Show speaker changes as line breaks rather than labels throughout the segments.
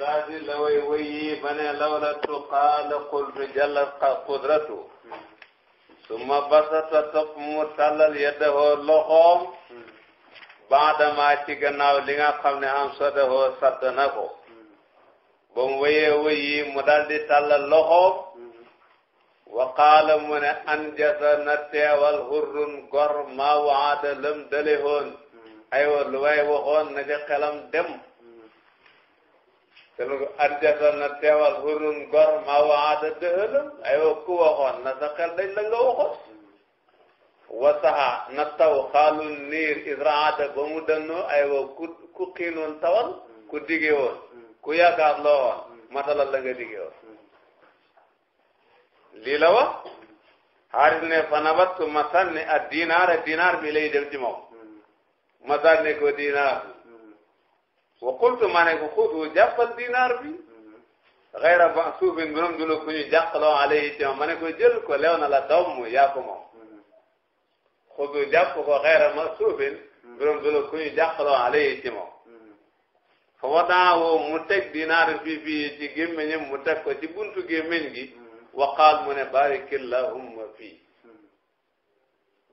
saasi la way way yi ba ne lawla tuqaala qultu jalla qudratu summa basata topp mu tàllal yeddahoo loxoom baadamaa ci gannaaw li nga xam ne am sodahoo sadd na ko ba mu wayee mu daldi tàllal loxoom wa qaala mu ne anjasa na teewal hurrun gor maa waada lam dale hoon aywa lu way waxoon na ca xelam dem te loolu arjata na teewal hurun gor ma waada dëhëlam aywa ku waxoon na sa xel dañ la nga waxoon wasaha na taw xaalul niir israada ba mu dannoo aywa ku ku tawal ku digee ku yaakaar loo woon matalal la nga digee woon lii la wax xaaris ma sànni ak dinaar dinaar mi lay dem ci moom ma sànni ko dinaar wa qultu ma ne ko xudu jàppal dinaar bi xayra ba suufin mbirum du la ku ñu jàqloo alayhi ci ma ne ko jël ko lew na la doom yaa ko moom xudu jàpp ko xayra ma suufin mbirum du la ku ñu jàqloo alayhi ci moom fa wadaa woo mu teg dinaar bi fii ci gémmiñam mu teg ko ci buntu gémmiñ gi waqaal mu ne barik allahumma fii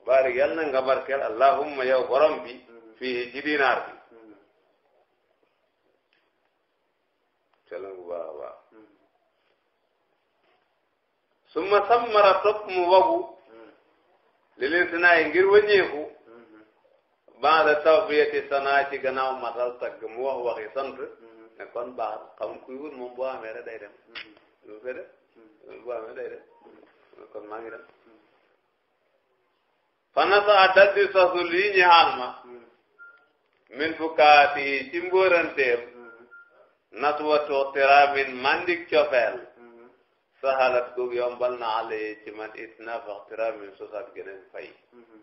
barik yàlla na nga barkeel allahumma yow borom bi fii ci dinaar bi teelal bu baax a baax hmm. su ma sammara topp mu wagu hmm. li leen si naay ngir wàññeeku hmm. baax da taw fiyeti sanaa ci gannaaw matal tagg mu wax waxi sant ne kon baax xam kuy wut moom boo day dem lu fe de day dem kon maa dem fanasa a daldi sosu lii ñi xaal ma min fukkaati ci mbóoranteem natwatu tirabin mandik cofeel mm-hmm. sahalat googu yombal na ale ci man itna fa tirabin sosat geneen fay mm-hmm.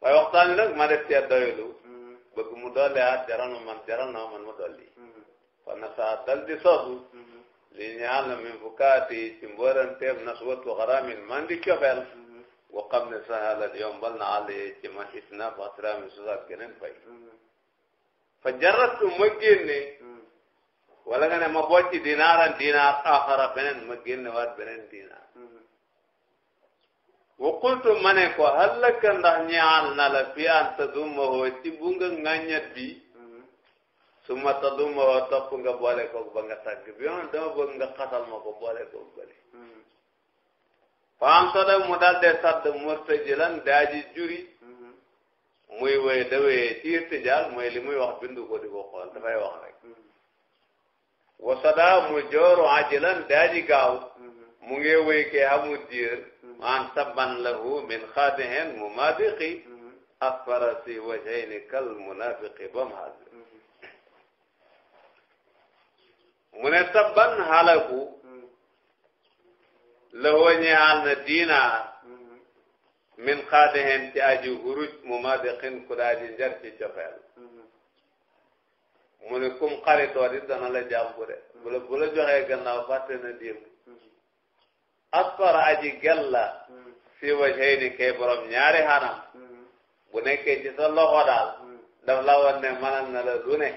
waaye waxtaan wi nag ma def cee doylu mm-hmm. bëgg mu dolli at jaral ma man jaral na ma dolli kon na saa dal li ñaal na min fukaati ci mbooram teeb natwatu xaramin mandik cofeel boo xam ne sahalat yombal na ale ci man itna fa tirabin sosat geneen fay fa jaratu ma génne wala nga ne ma bocc dinaaran dinaar axara beneen ma génne waat beneen dinaar wa qultu ma ne ko hallaka ndax ñaal na la fi an tadumahoo ci bu nga ŋàññat bi su ma tadumahoo topp nga boole koog ba nga tàgg bi yoon dama bëgg nga xasal ma ko boole koog bële faam sada mu dal de sadd murtajilan daaji juri muy woy dawee ci irtijaal mooy li muy wax bindu ko di ko xool dafay wax rek wasadaa mu jooru ajilan daaji gaaw mm-hmm. mu ngi wéy ke amul diir maan sabban lahu min xaadihin mumaadiqi mm-hmm. asfara si wajhayni kal munafiqi bam haas mm-hmm. mu ne sabban halaku lahu ñaal na diinaar min xaadihin ci aji huruj mumaadiqin ku daaji njar ci cofeel mu ne kum xaritoo di dana la jàmbu de bu joxe bu la joxee gannaaw fàtte na démb askor aji gel la wa wajay ni kay borom ñaari xanam bu nekkee ci sa loxo daal daf la ne manal na la lu ne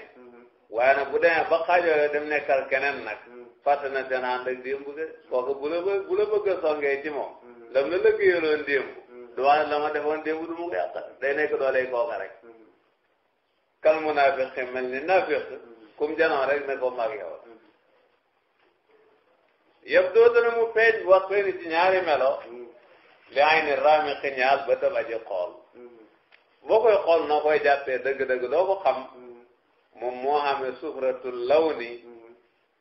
waaye nag bu demee ba xaajoo dem nekkal keneen nag fàtte na seen ànd ak démb de kooku bu la bu la bëgg a songee ci moom lam la lëggéeyaloon démb du wax la ma defoon démb du mu ko yàqal day nekk doolee kooka rek kal munaafiqi e mel ni naafiq kum janoo rek ne ko mag yow yëpp doo dana e mu feeñ waxtu ni ci ñaari melo li ay ni raami xiñaal ba tam aji xool boo e koy xool noo koy jàppee dëgg-dëgg doo ko xam moom moo xamee sufratul lawni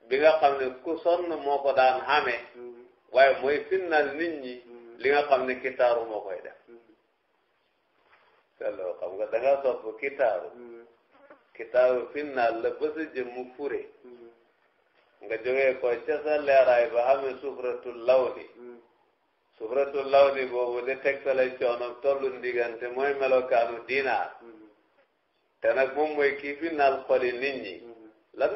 bi nga xam ne ku sonn moo ko daan xamee waaye mooy finnal nit ñi li nga xam ne kitaaru moo koy def te loo xam nga da nga kitaaru kitaabu finnaal la ba sa jëmmu fure nga jógee ko ca sa leeraay ba xamee sufratul lawdi sufratul lawdi boobu de tegtale coono tollu ndigante mooy melokaanu dinaar te nag moom mooy kii finnaal xoli nit ñi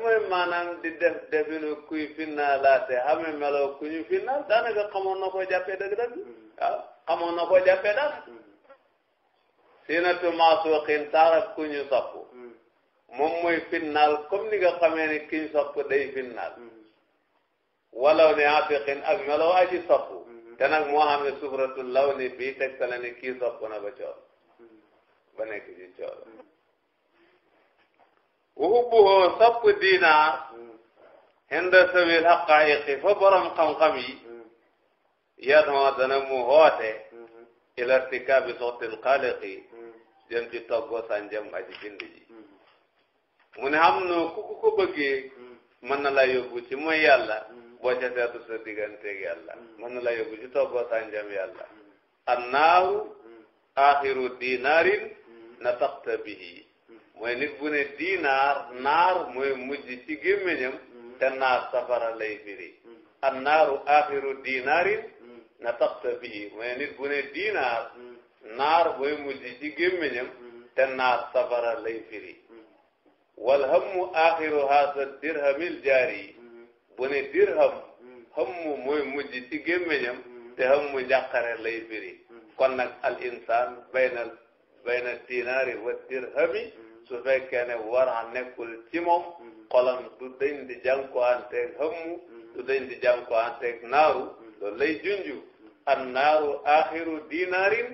mooy maanaam di def definu kuy finnaalaate xamee melo ku finnaal daanaka xamoon na ko jàppee dëgg-dëgg waaw xamoon na ko jàppee daal sinatu maasuqin taaraf ku ñu sappu moom mooy finnaal comme ni nga xamee ne kiñ day finnaal mm-hmm. walaw ne atiqin ak meloo aji sopp mm-hmm. te nag moo xam ne sufratul law ni ki teg sa la ne kii sopp na ba cool mm-hmm. ba nekk ci cool wuhubbuhu sopp diinaar haqaiqi fa borom xam-xam yi yadoo mu hoote ila irtikaabi soxtil xaaliqi jëm ci toggo sanjam aji bind mu ne am no ku ku ko bëgge mm. mën na la yóbbu ci mooy yàlla mm. boo ca seetu sa digganteeg yàlla mm. mën na la yóbbu ci toppoo sànjam yàlla annaaru axiru dinaarin nataqta bihi mooy nit bu ne dinaar naar mooy mujj ci gémmiñam te naar safara lay firi annaaru axiru dinaarin nataqta bihi mooy nit bu ne dinaar naar mooy mujj ci gémmiñam te naar safara lay firi wal hammu aaxiru haasa dirhamil jaari mm-hmm. bu ne dirham mm-hmm. hammu mooy mujj ci gémmiñam mm-hmm. te hammu njàqare lay firi kon nag al insaan bayna bayna dinaari wa dirhami su fekkee ne war a nekkul ci moom xolam du dañ di jànkuwanteeg hammu du dañ di jànkuwanteeg naaru loolu lay junju an naaru aaxiru dinaarin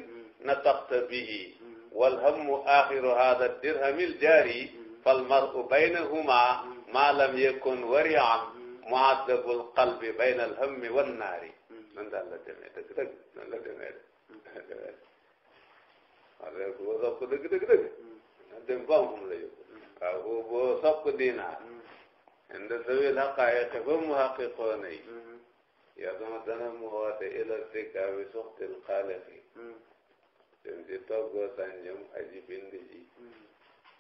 nataqta bihi wal hammu aaxiru haasa dirhamil jaari fal maru baynahuma ma lam yakun warian muaddabul qalbi bayna al hammi wan naari noonu daal la demee dëgg dëgg noonu la demee de waaw boo sopp dëgg dëgg dëgg na dem ba moom la yóbbu waaw boo sopp diinaar inde sawil xaqaayiqi fa mu xaqiqoona yi yaduma dana mu woote ila sikaawi suxtil xaaliqi dem ci toggoo sànjam aji bind ji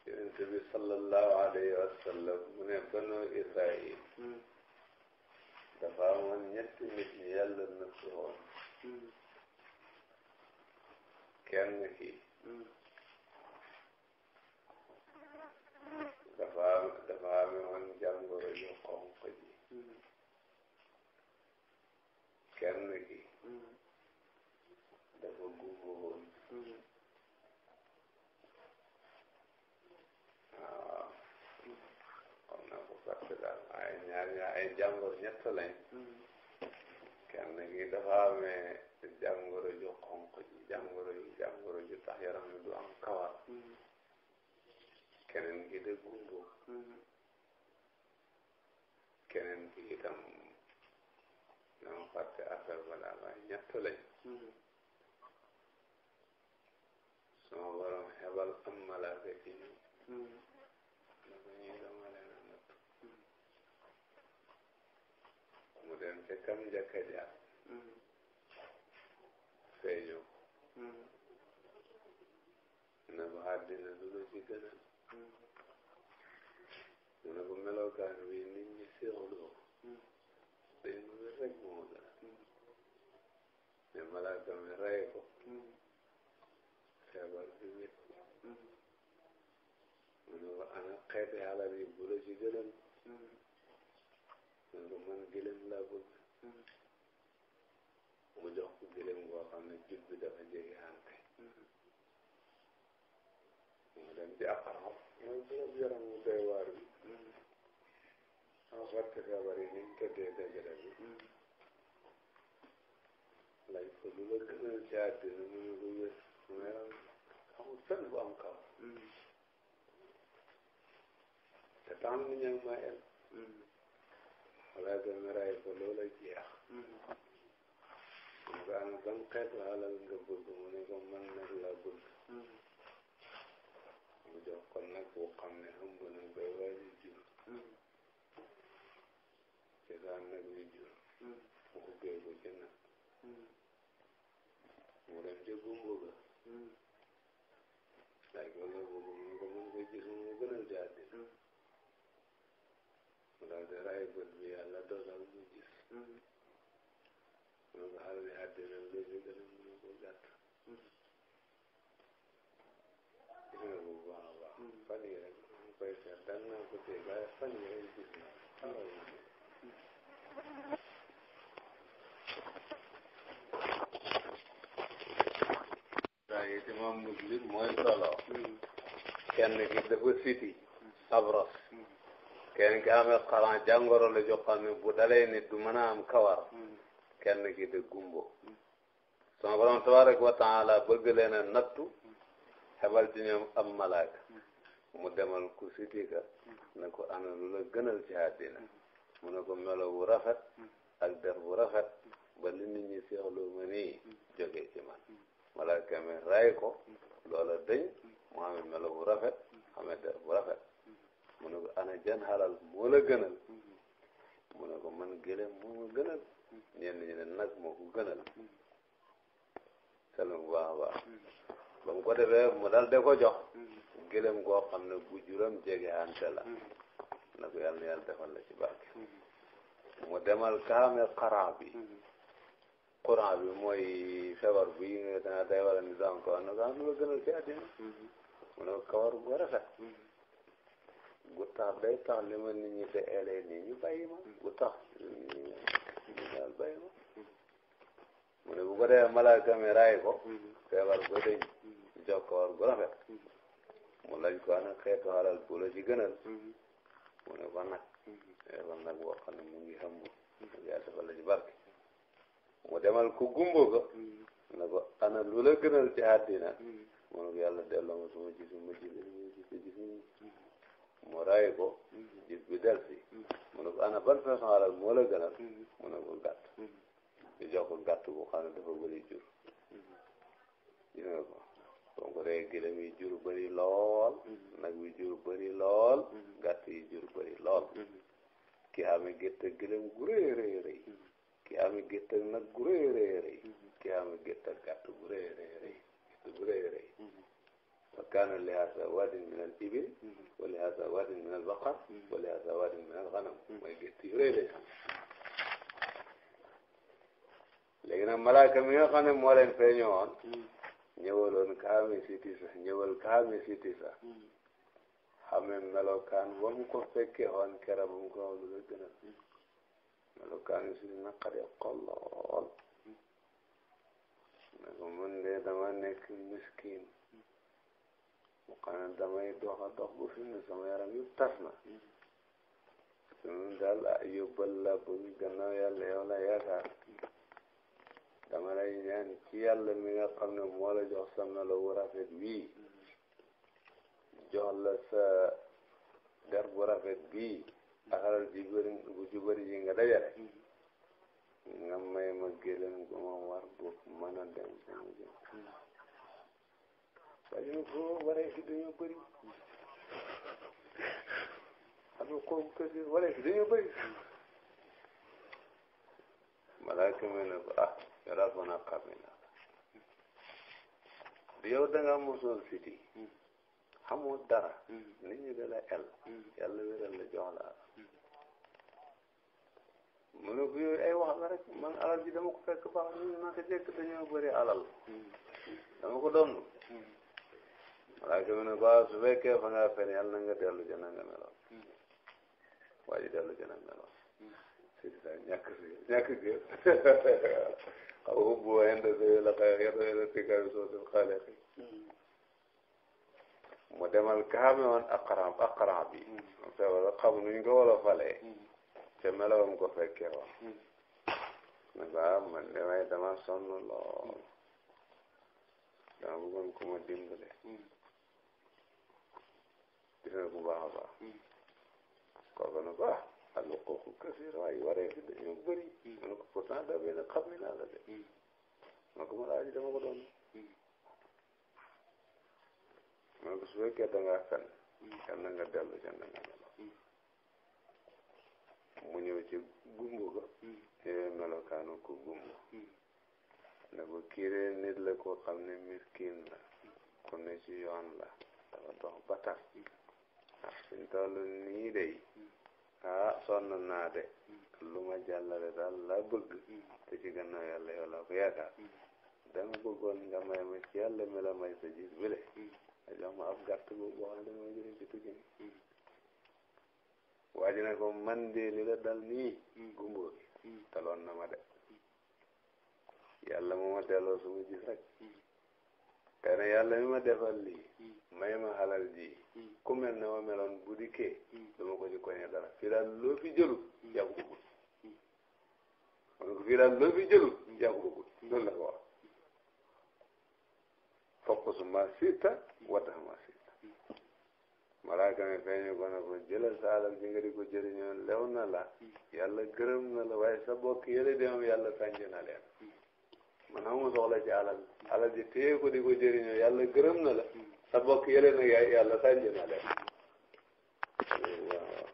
yonent bi sallallahu alayhi wa mu ne banu Israil hmm. dafa amoon ñetti nit ñi yàlla nattu woon hmm. kenn ki hmm. dafa am dafa ame woon yu xonq ji kenn ki ñett lañ mm. gi dafa amee jàngoro ju xonq ji ju tax yaram mi du am kawar mm. keneen gi de gumbo mm. keneen itam na ma affaire balaa waaye ñett lañ sama borom xebal am malaaka ci jëkk a jaar feeñoo na ba àddina lu la ci gënal mu ne ko melokaan wi nit ñi séexloo dañ mu rek moo gën ne malaaka mi rey ko feebar bi wét mu ne ko ana xeeti xalal yi bu la ci gënal mu ne man gëlëm laa gëlëm goo xam ne jub bi dafa jege hante mu dem ci Aqra mooy borom yaram wu doy waar bi am fàtte feebar yi ni mu tëddee dajale bi laaj ko lu la gënal ci àddina mu ne lu wér mu ne amul fenn bu am kaw te tam ni ñag ma el mm-hmm. wala gën a ray ko loola jeex mu ko ana ban xeetu xalal nga bëgg mu ne ko man nag laa bëgg hmm. mu jox nag bu xam ne ëmb na bay waaji jur hmm. ci hmm. mu ubbee ko ci nag mu dem ca gumba
ga
laaj ko la bëgg ne ko man ko gis mu gënal ci mu daal di ray bët bi yàlla dogal mu gis waaye imam muslim mooy solo kenn ki dafa siti sabros kenn ki amee xaran jàngoro la joo xam ne bu dalee nit du mën a am kawar kenn ki de gumbo sama borom tabaraka bëgg leen a nattu xebal ci ñoom am malaaka mu demal ku sitika ne ko ana lu la gënal ci àddina mu ne ko melo bu rafet ak der bu rafet ba li nit ñi seexlu ma nii jógee ci man malaaka mi ray ko loola dëñ mu amee melo bu rafet amee der bu rafet mu ne ko ana jan xalal moo la gënal mu ne ko man gëlem moo ma gënal ñenn ñi ne nag moo ko gënal selum bu baax a baax ba mu ko defee mu dal de ko jox gëlëm goo xam ne bu juróom jege ante la mm-hmm. na ko yàlla na yàlla defal la ci barke mm-hmm. mu demal kaame xaran mm-hmm. bi mooy feebar bu yi nga dana day wala ni daan ko na ko am lu gënal ci àddina mu ne ko kawar gu rafet day tax li ma nit ñi de elee nii ñu bàyyi ma mu ne bu ko de malaaka mi raay ko feebar ba mu laaj ko ana xeetu alal bu la ci gënal mm-hmm. mu ne nag yow mm-hmm. nag boo xam ne mu ngi xam yàlla dafa la ci barke mu demal ku gumbo ko mm-hmm. ne ko ana lu la gënal ci àddina mu ne ko yàlla delloo ma suma ji ma gis ma gis mu raay ko gis bi si mu ne ana ban façon alal moo la gënal mu ne ko gàtt ñu bu xam ne dafa jur gis nga kon ko dee gëlëm i jur bëri lool mm-hmm. nag wi jur bëri lool mm-hmm. gàtt yi jur bëri lool mm-hmm. ki ame gétt ak gëlëm gu ki ame gétt nag gu rëy rëy ki ame gétt ak gàtt gu rëy gétt gu rëy li hasa waadin min al ibil wa li hasa min al baqar wa li hasa min al ganam mooy gétt yu rëy rëy léegi nag malaaka mi nga xam ñëwaloon kaami siti sa ñëwal kaami siti sa hmm. xame melokaan ba ko fekkee woon kera ba ko woon lu gën a melokaan si naqari xol lool hmm. ne ko man de dama nekk miskin hmm. mu xam ne damay dox a dox bu fi sama yaram yëpp tas na sunu daal yóbbal la bu gannaaw yàlla yow la yaakaar dama lay ñaan ci yàlla mi nga xam ne moo la jox sa melawu rafet wii jox la sa der bu rafet bii ak alal ji ji nga dajale nga may ma gëlëm gu ma war bu mën a dem sama jëm waaye ñu ko waree fi dañoo bëri am kooku kër waree fi dañoo bëri malaaka mi ne ko ah yàlla foo naa xàmme naa du yow da nga mosoon siti xamul dara nit ñi da el yàlla wéral la jox la mu ne bu yooyu rek man alal ji dama ko fekk baax ñu naka jekk dañoo bëri alal dama ko doon malaaka mi ne ba ah, su fekkee fa nga fen yàlla na nga dellu jëna nga meloon waa ji dellu jëna meloon siti daal ñàkk si ñàkk gër aw hubbuhu inda dhil khaliqi mu demal ka xame woon aqran aqran bi feewala xam nuñ ko wala fale te melawam ko fekke woon ne ko man de waaye dama sonn lool dama bëggoon ku ma dimbale gis na bu baax a baax kooku ne ko ah al-huquuqu kasiira waaye waree fi dañoo bëri. ma ne ko pourtant dama ne xam ni naa la de. Mm. ma ne ko ma laaj dama ko doon. Mm. ma ne ko su fekkee da ngaa fen. Mm. yal dellu ca na nga meloon. mu ñëw ci gumbu ga. ñëwee melokaanu ku gumbu. ne ko kiiree nit la koo xam ne miskin la. ku ne ci yoon la. dafa dox ba tax. ah suñ toll nii de. ah sonn naa de lu ma jàllale daal laa bëgg te ci gannaaw yàlla yow ko yaakaar dama bëggoon nga may ma ci yàlla mi may sa gis bile nga jox ma ab gàtt bu boo xam ne dama jëlee ci tukki ni waa ko man de dal nii gumbo bi taloon na ma de yàlla moo ma delloo suma gis rek kane yàlla mi ma defal lii may ma halal ji ku mel ne ma meloon bu dikkee dama ko ci koñe dara fii daal fi jëlu yaa ko bëggul man ko fi jëlu yaa ko fokkusu ma siita wata ma siita malaaka mi feeñu ko ne ko jëlal sa alal ji nga di ko jëriñoo lew na la yàlla gërëm na waaye sa bokk yële demam yàlla sànj na leen man amu soxla ci alal ji téye ko di ko jëriñoo yàlla gërëm na la sa bokk na yàlla na leen waaw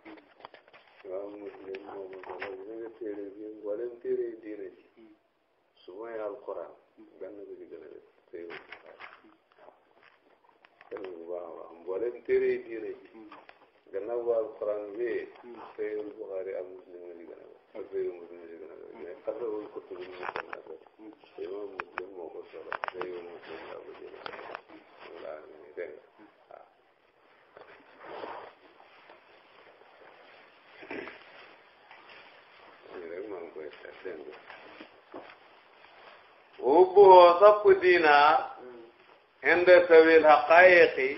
waaw muslim moomu solo bi nga téere bi mboolem téere diine ji su may alquran benn bi ci gën a def téye kenn bu baax a baax mboolem téere diine ji gannaaw bu alquran bi muslim nga ci gën البيض مسلم قبله الكتب المسلمة إمام مسلم وقصر زي مسلم أبو جلال والعالمين دين وبه صف دينا عند سوي الحقائق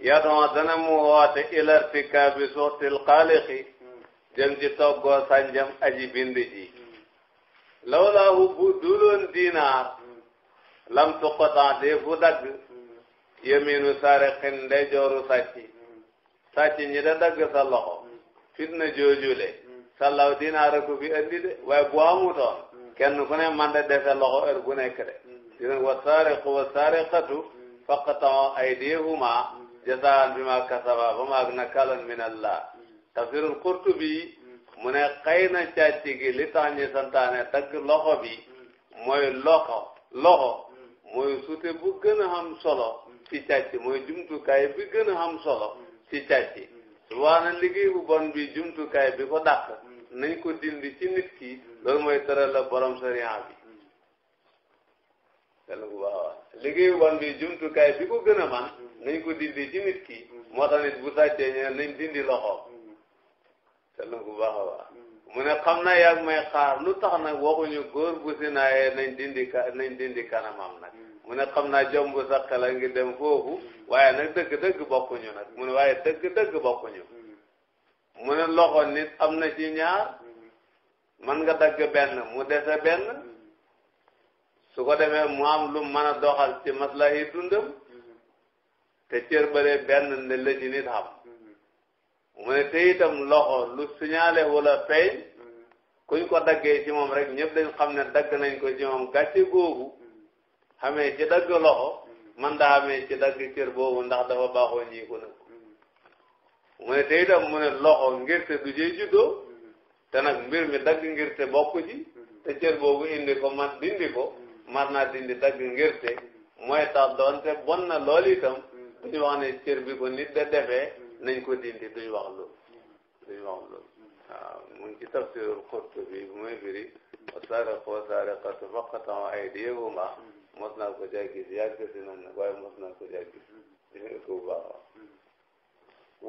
يدعو دنمه إلى ارتكاب سوء القالق jëm ci toggoo sanjam aji bind ji lawlaahu bu duloon dinaar lam tuqataa dee fu dagg yaminu sariqin ndeyjooru sàcc sàcc ñi da dagg sa loxo fitna joojule sallaw dinaar a ko fi andi de waaye bu amutoon kenn ku ne man de dese loxo heure bu nekk de dina wa saariqu wa saariqatu faqatao aydihuma jasaan bi ma kasaba ba maag na kalan min allah tafsirul Qurtubi mu ne xëy na càcc gi li tax ñu santaane loxo bi mooy loxo loxo mooy suute bu gën a am solo ci càcc mooy jumtukaay bi gën a am solo ci càcc subaana liggéey bu bon bi jumtukaay bi ko dàq nañ ko dindi ci nit ki loolu mooy tëral la borom sariya bi telgu bon bi jumtukaay bi ko gën a man nañ ko dindi ci nit ki moo tax nit bu sàccee ñe nañ dindi loxo seetlu nga baax a baax mu ne xam na yaa ngi may xaar lu tax nag waxuñu góor bu si naayee nañ nañ dindi kanamam nag mu ne xam naa jomb sax xel a ngi dem foofu waaye nag dëgg-dëgg bokkuñu nag mu ne waaye dëgg-dëgg
loxo nit
am na ci ñaar man nga dagg benn mu dese benn su ko demee mu am lu mën a doxal ci maslahi dundam te cër bëre benn ne la nit xam mu ne te itam loxo lu signalé wala feeñ kuñ ko daggee ci moom rek ñëpp dañ xam ne dagg nañ ko ci moom gàcce googu xamee ci dagg loxo man daa amee ci dagg cër boobu ndax dafa baaxoo ñiiku nag mu ne te itam mu loxo ngirte du jee juddoo te nag mbir mi dagg ngirte bokku ci te cër boobu indi man dindi mar naa dindi dagg ngirte mooy tax doonte bon na lool itam duñu wax ne cër bi ko nit da defee nañ ko dindi duñ wax loolu duñ wax loolu waaw mu ngi ci tafsirul Qurtubi bu may firi wasaariqu wasaariqatu faqta'u aydiyahuma mos naa ko jaggis yàgg si noonu nag waaye mos naa ko jaggis dina ko baax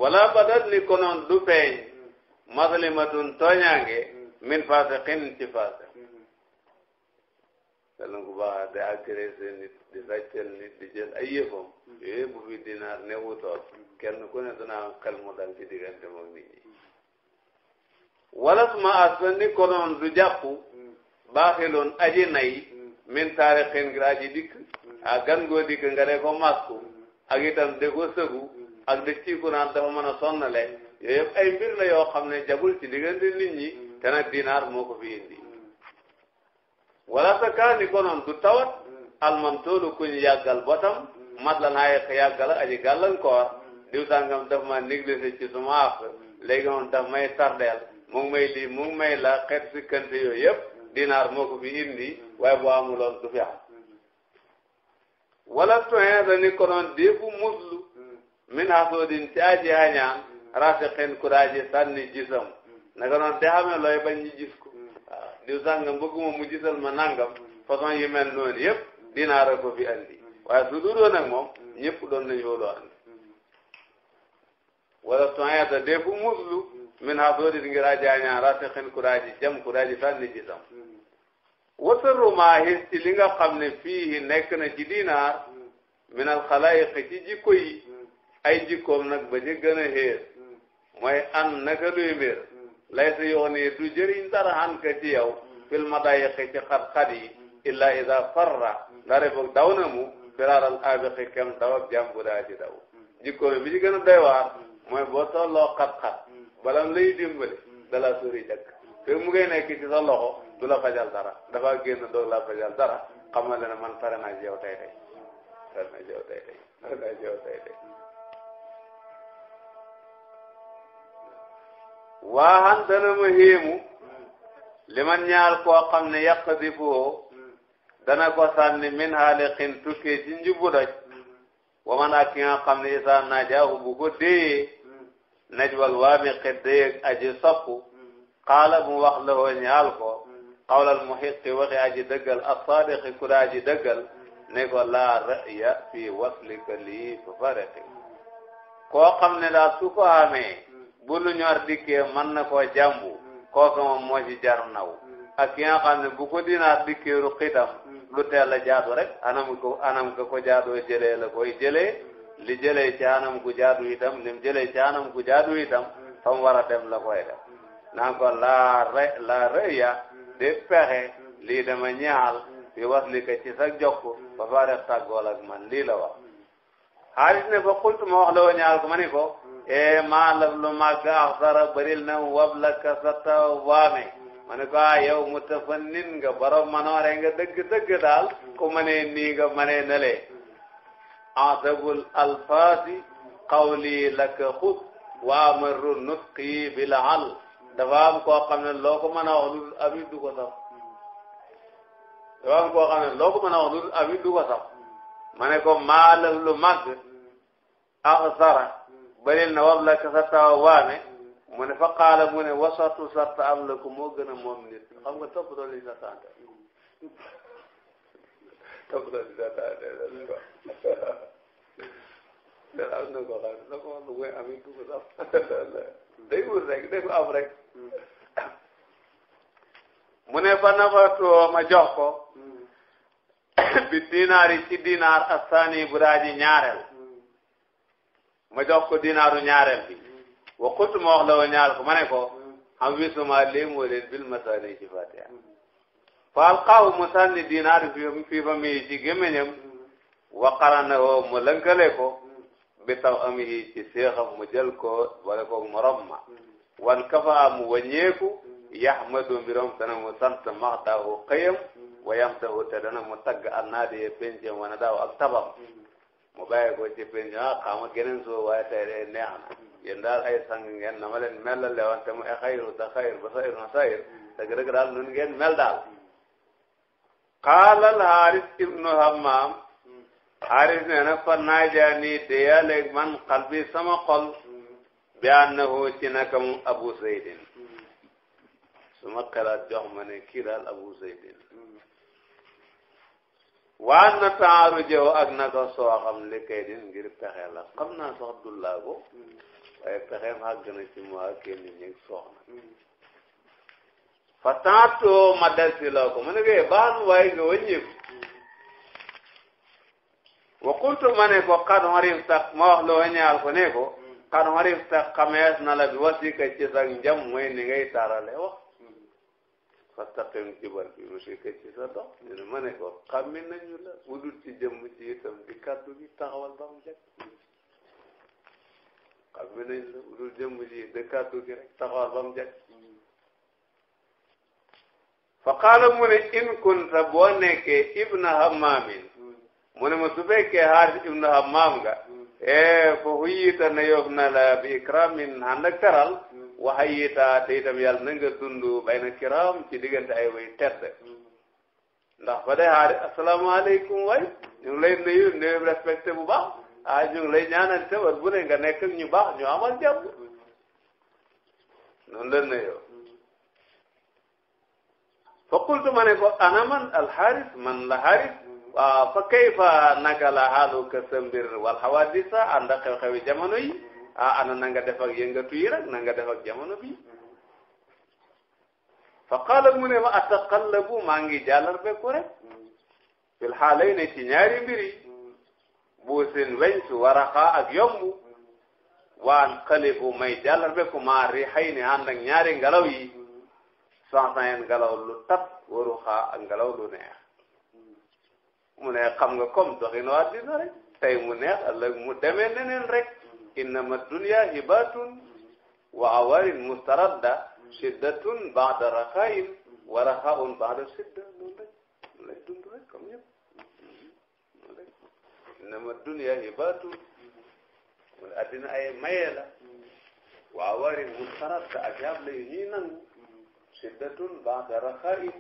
wala badat li konoon du feeñ maslimatun tooñaange
min fasiqin
ci fasiq kenn ku baax di agressé nit di sàccal nit di jël ay yëfam mm-hmm. yooyu bu fi dinaar ne wutoon mm-hmm. kenn ku ne dana xel mu dal ci diggante moom nit ñi mm-hmm. walas ma as ni ko noon du jàpp baaxiloon aji nay min taarixin ngir aji dikk a gan goo dikk nga de ko masku ak itam de ko sëgu ak de ci ku naan a sonnale yooyu ay mbir la yoo xam ne jagul ci diggante nit ñi te nag dinaar moo ko fi indi wala sa kaa ni ko noon du tawat almamtoolu ku ñu yàggal botam mat la naa yàq yàggal aji gàllankoor diw sàngam daf ma négligé ci suma àq léegi moom daf may tardeel mu ngi may lii mu ngi may la xeet si yooyu yëpp dinaar moo ko fi indi waaye boo amuloon du fi am wala soxen sa ni ko noon déefu muslu min hasoodin ci aji hañaan rafiqin ku daaji sànni gisam naka noon de xame looy bañ ñu gis diw sàngam bëgguma mu gisal ma nangam façon yi mel noonu yëpp dinaara ko fi andi waaye su dul woon ak moom ñëpp doon nañu ko doon andi wala toyata dee fu muslu min ha doodit ngir a jaañaa rasiqin ku daa ji jam ku daa ji sànni gisam wasarumaa his ci li nga xam ne fii nekk na ci dinaar min al xalaayiq ci jikko ay jikkoom nag ba ci gën a mooy an naka luy mbir lay sa yoon yi du jëriñ dara han ka ci yow fil madayiqi ci xat-xat yi illa ida farra ndare boog daw na mu firaaral abiqi kem daw ak jàmbu daa ci daw
jikko mi bi ci gën a doy waar
mooy boo tolloo xat-xat balam lay dimbali dala sori jëkk te mu ngay nekk ci sa loxo du la fajal dara dafa génn doog la fajal dara la ne man pare naa ci yow tey tey pare naa ci yow tey tey waaxan dana ma héemu li man ñaal koo xam ne yàq di foo dana ko sànni min haale xin tukkee ci njubu doj waman ak ki nga xam ne isa najaahu bu ko déyee najwal waami xet déyeg aji soppu xaala mu wax la hoo ñaal ko xawlal muhiqi waxi aji dëggal asadiqi ku daa aji dëggal ne ko laa ra'ya fii waslika lii fa faraqi koo xam ne daal su ko amee bu lu ñor dikkee mën na koo ko kooku moom moo ci jar naw ak ki nga xam ne bu ko dinaar dikkee ruqitam lu teel a jaadu rek anam ko anam ko ko jaadoo jëlee la koy jële li jële ci anam gu jaadu itam lim jëlee ci anam gu jaadu itam fa mu war a dem la koy def naan ko laa re la rëya de pexe lii dama ñaal fi wasli ka ci sag jokk ba pare tàggool ak man lii la wax xaalis ne fa xultu wax la woo ñaal ko ma ko e maalaf lu màgg axsara baril na wabla ka sa taw waame ma ne ko ah yow mu tafannin nga borom manoore nga dëgg-dëgg daal ku mënee nii nga mënee nale adabul alfaasi qawli laka xub waamaru nutqi bil hal dafa am koo xam ne loo ko mën a wax lu abi du ko sax dafa am koo xam ne loo ko mën a wax lu abi du ko sax ma ne ko maalaf lu màgg axsara baril na wab la ka sarta waame
mu ne fa qaala mu
ne wa sartu sarta am la ko moo gën a moom nit xam nga toppatoo li sartante toppatoo li sartante dara am na ko xam na ko wax lu muy am it ko sax day wut rek day ko am rek mu ne fa nafatoo ma jox ko
hmm.
bi dinaar yi ci dinaar asaani bu daa ji ñaareel ma jox ko dinaaru ñaareel bi wa qultu ma wax la wa ñaar ko ma ne ko am wisuma lii bil masani ci fatiha fa alqaahu mu sànni dinaar fi fi fa mi ci gémmiñam wa qaranahu mu lënkale bi taw amihi ci séexam mu jël ko wala ko morom ma wan mu wàññeeku yahmadu mbirom dana mu sant maxdaahu xëyam wa yamtahu te dana mu tagg annaadiye pencam wana daaw ak tabam mu bàyyi ko ci pénc ah xam nga geneen soo waaye tey de neex na daal ay sang ngeen na leen mel la lewan te mu ay xayru sa ba sayr na sayr dëgg dëgg daal nun ngeen mel daal qaala al haris ibnu hammam haris nee na fa naajaani deyaleeg man qalbi sama xol bi annahu ci naka mu abu zaydin su ma xelaat jox ma ne kii daal abu zaydin waa na taaru jëw ak naka soo xam li kay din ngir pexe la xam naa sax dullaa ko waaye pexe ma àgg ci moo ak kenn ñeeg soxna fa tantôt ma del si la ko ma ne koy eh, baax na waaye nga wàññeeku wa kuntu ma ne ko xan xarif sax ma wax la wañaal ko ne ko xan xarif sax xamees na la bi wasika ci sax njam mooy ni ngay taarale wax fastaqim jubal bi mosika ci sa dox ñu ne ma ne ko xammi nañu la wudul ci jëmm ci itam di kàddu gi taxawal ba mu jag xammi nañu la wudul jëmm ji de kàddu gi rek taxawal ba mu jag fa qaala mu ne in kunta boo nekkee ibna hammaamin mu ne ma su fekkee xaaris ibna hammaam nga e fa huyita na yóbbu na la bi ikramin ànd ak waxayita te itam yàlla na nga dund bay kiram ci diggante ay way tedd ndax ba day xaari asalaamaaleykum waay ñu ngi lay nuyu nuyu respecté bu baax ah, ñu ngi lay ñaanal te war bu ne nga nekk ak ñu baax ñu amal jàmm noonu la nuyoo fa qultu ma ne ko ana man alxaaris man la xaaris waaw fa kayfa la xaalu ka sa wal xawaadisa ànd ak xew-xewi jamono ah ana na nga def ak yëngatu yi rek na nga def ak jamono bi fa qaala mu ne ma ataqallabu maa ngi jàllar beku rek fil xaalay ne ci ñaari mbiri boo seen wencu waraxaa ak yomb waan qalibu may jàllar beku maa rixay ne ànd ak ñaari ngelaw yi sansayen ngelaw lu tat waruxaa ak ngelaw lu neex mu ne xam nga comme doxin waa rek tey mu neex ëllëg mu demee neneen rek innama dunya hibatun wa awarin mustaradda shiddatun ba'da raxain wa raxaun ba'da shidda noonu rek noonu lay dund rek comme ñëpp innama dunya hibatun addina ay maye la wa awarin mustaradda ak yable yu ñuy nangu shiddatun ba'da raxain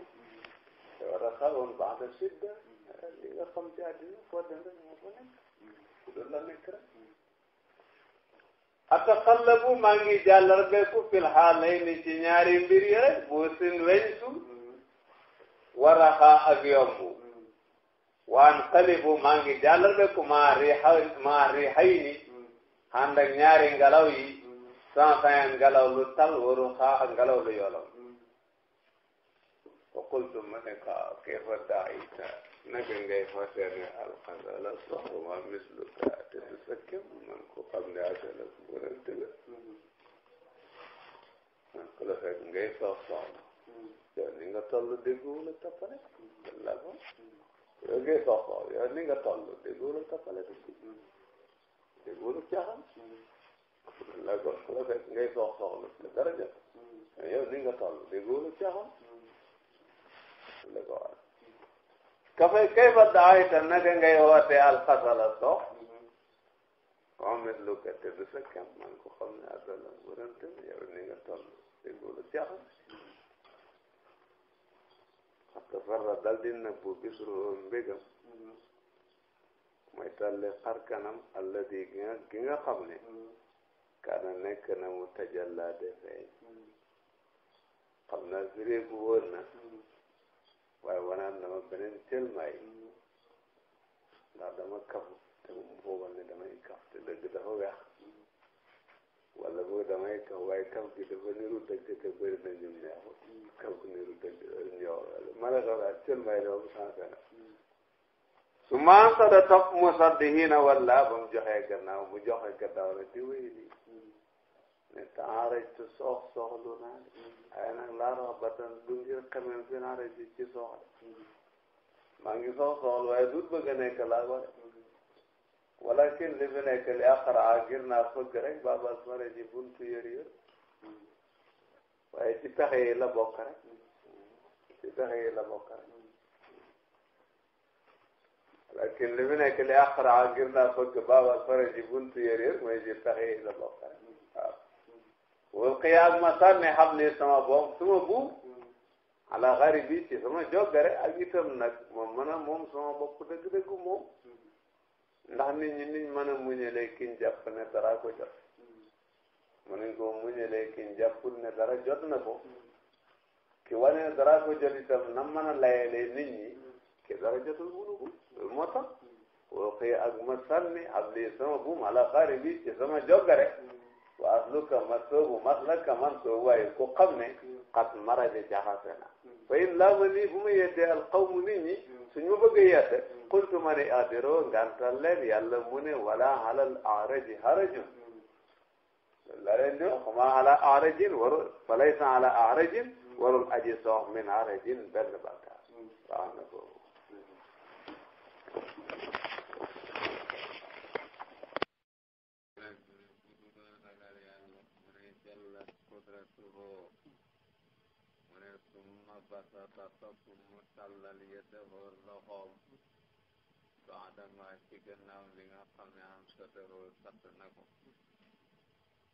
wa raxaun ba'da shidda li nga
xam ci addina foo dem rek moo fa nekk ku doon la nekk rek
ataqallabu maa ngi jàllarbeeku fil xaalayni ci ñaari mbir yi rek bu sin weñtu waan qalibu maa ngi jàllarbeeku maa rixa maa rixayni ànd ak ñaari ngelaw yi sans fin lu tal waru xaa ak lu yolom wa qultu ma ne ko kayfa daayta naka ngay fasee ne alxasala soxma misluka te du sa kem man ko xam ne asala ku wërante la man ko la fekk ngay sox soxna yow ni nga toll déggoo la tappale la ko yow ngay sox soxna yow ni nga toll déggoo la tappale déggoo la caaxaan la ko ku la fekk ngay sox soxna la dara jot yow ni nga toll déggoo la kafay kay ba daay tan naka ngay woote alxasala sox omet lu ka te du sa kam man ko xam ne adala wërante yow ni nga toll déggoolu jaxam parce que farra dal di nëbbu bisroo mbégam mooy talle xar kanam alladi gi nga gi nga xam ne kaana nekk na mu tajalla de feeñ xam na fireeku woon na waaye wanaat na ma beneen telmaay ndax dama kafu te mu foogoon ne damay kaf te dëgg dafa weex wala boog damay kaf waaye kaf gi dafa niru dëgg te bëri na ñum neexu kaf gi niru dëgg ñëw mala daal ak telmaay dafa mu sensé na su maasa da topp mu saddihiina walla ba mu joxee gannaaw mu joxe gannaaw na di wéy nii ne taarajtu soox soxlu naa ay nag laa raxbatan du ngir xamee fi naa rëcc ci soxla
maa ngi sox soxlu waaye
du bëgg a nekk laa ko de walakin li fi nekk li aqra ngir naa fëgg rek baabal ma ji buntu yër yër waaye ci pexe yi la bokk rek ci pexe yi la bokk rek
walakin li fi nekk li aqra ngir
naa fëgg baabal ma ji buntu yër yër mooy ci pexe yi la bokk rek wal xiyaag ma sànni xam ne sama bopp sama buum ala xari bi ci sama joggare ak itam nag ma mën a moom sama bopp dëgg-dëgg moom ndax nit ñi niñ mën a muñalee kiñ jàpp ne dara ko jot mën nañ koo muñalee kiñ jàppul ne dara jot na ko ki wane ne dara ko jot itam na mën a layalee nit ñi ki dara jotul mënu ko loolu moo tax wal xiyaag ma sànni xam ne sama buum ala xari bi ci sama joggare wa aslu ka masoobu maslaka man soo waaye ku xam ne xat maraja jaxase na fa in laama nii bu ma yeddee al qawmu nit ñi suñ ma bëgg a yedde qultu ma adiroo ngantal leen yàlla mu ne wala halal araji harajun la leen di arajin warul aji soox min arajin benn bàkkaar waaw basata topp mu tàllal yeddahoor loxoom baadama ci gannaaw li nga xam ne am sataroo satt na ko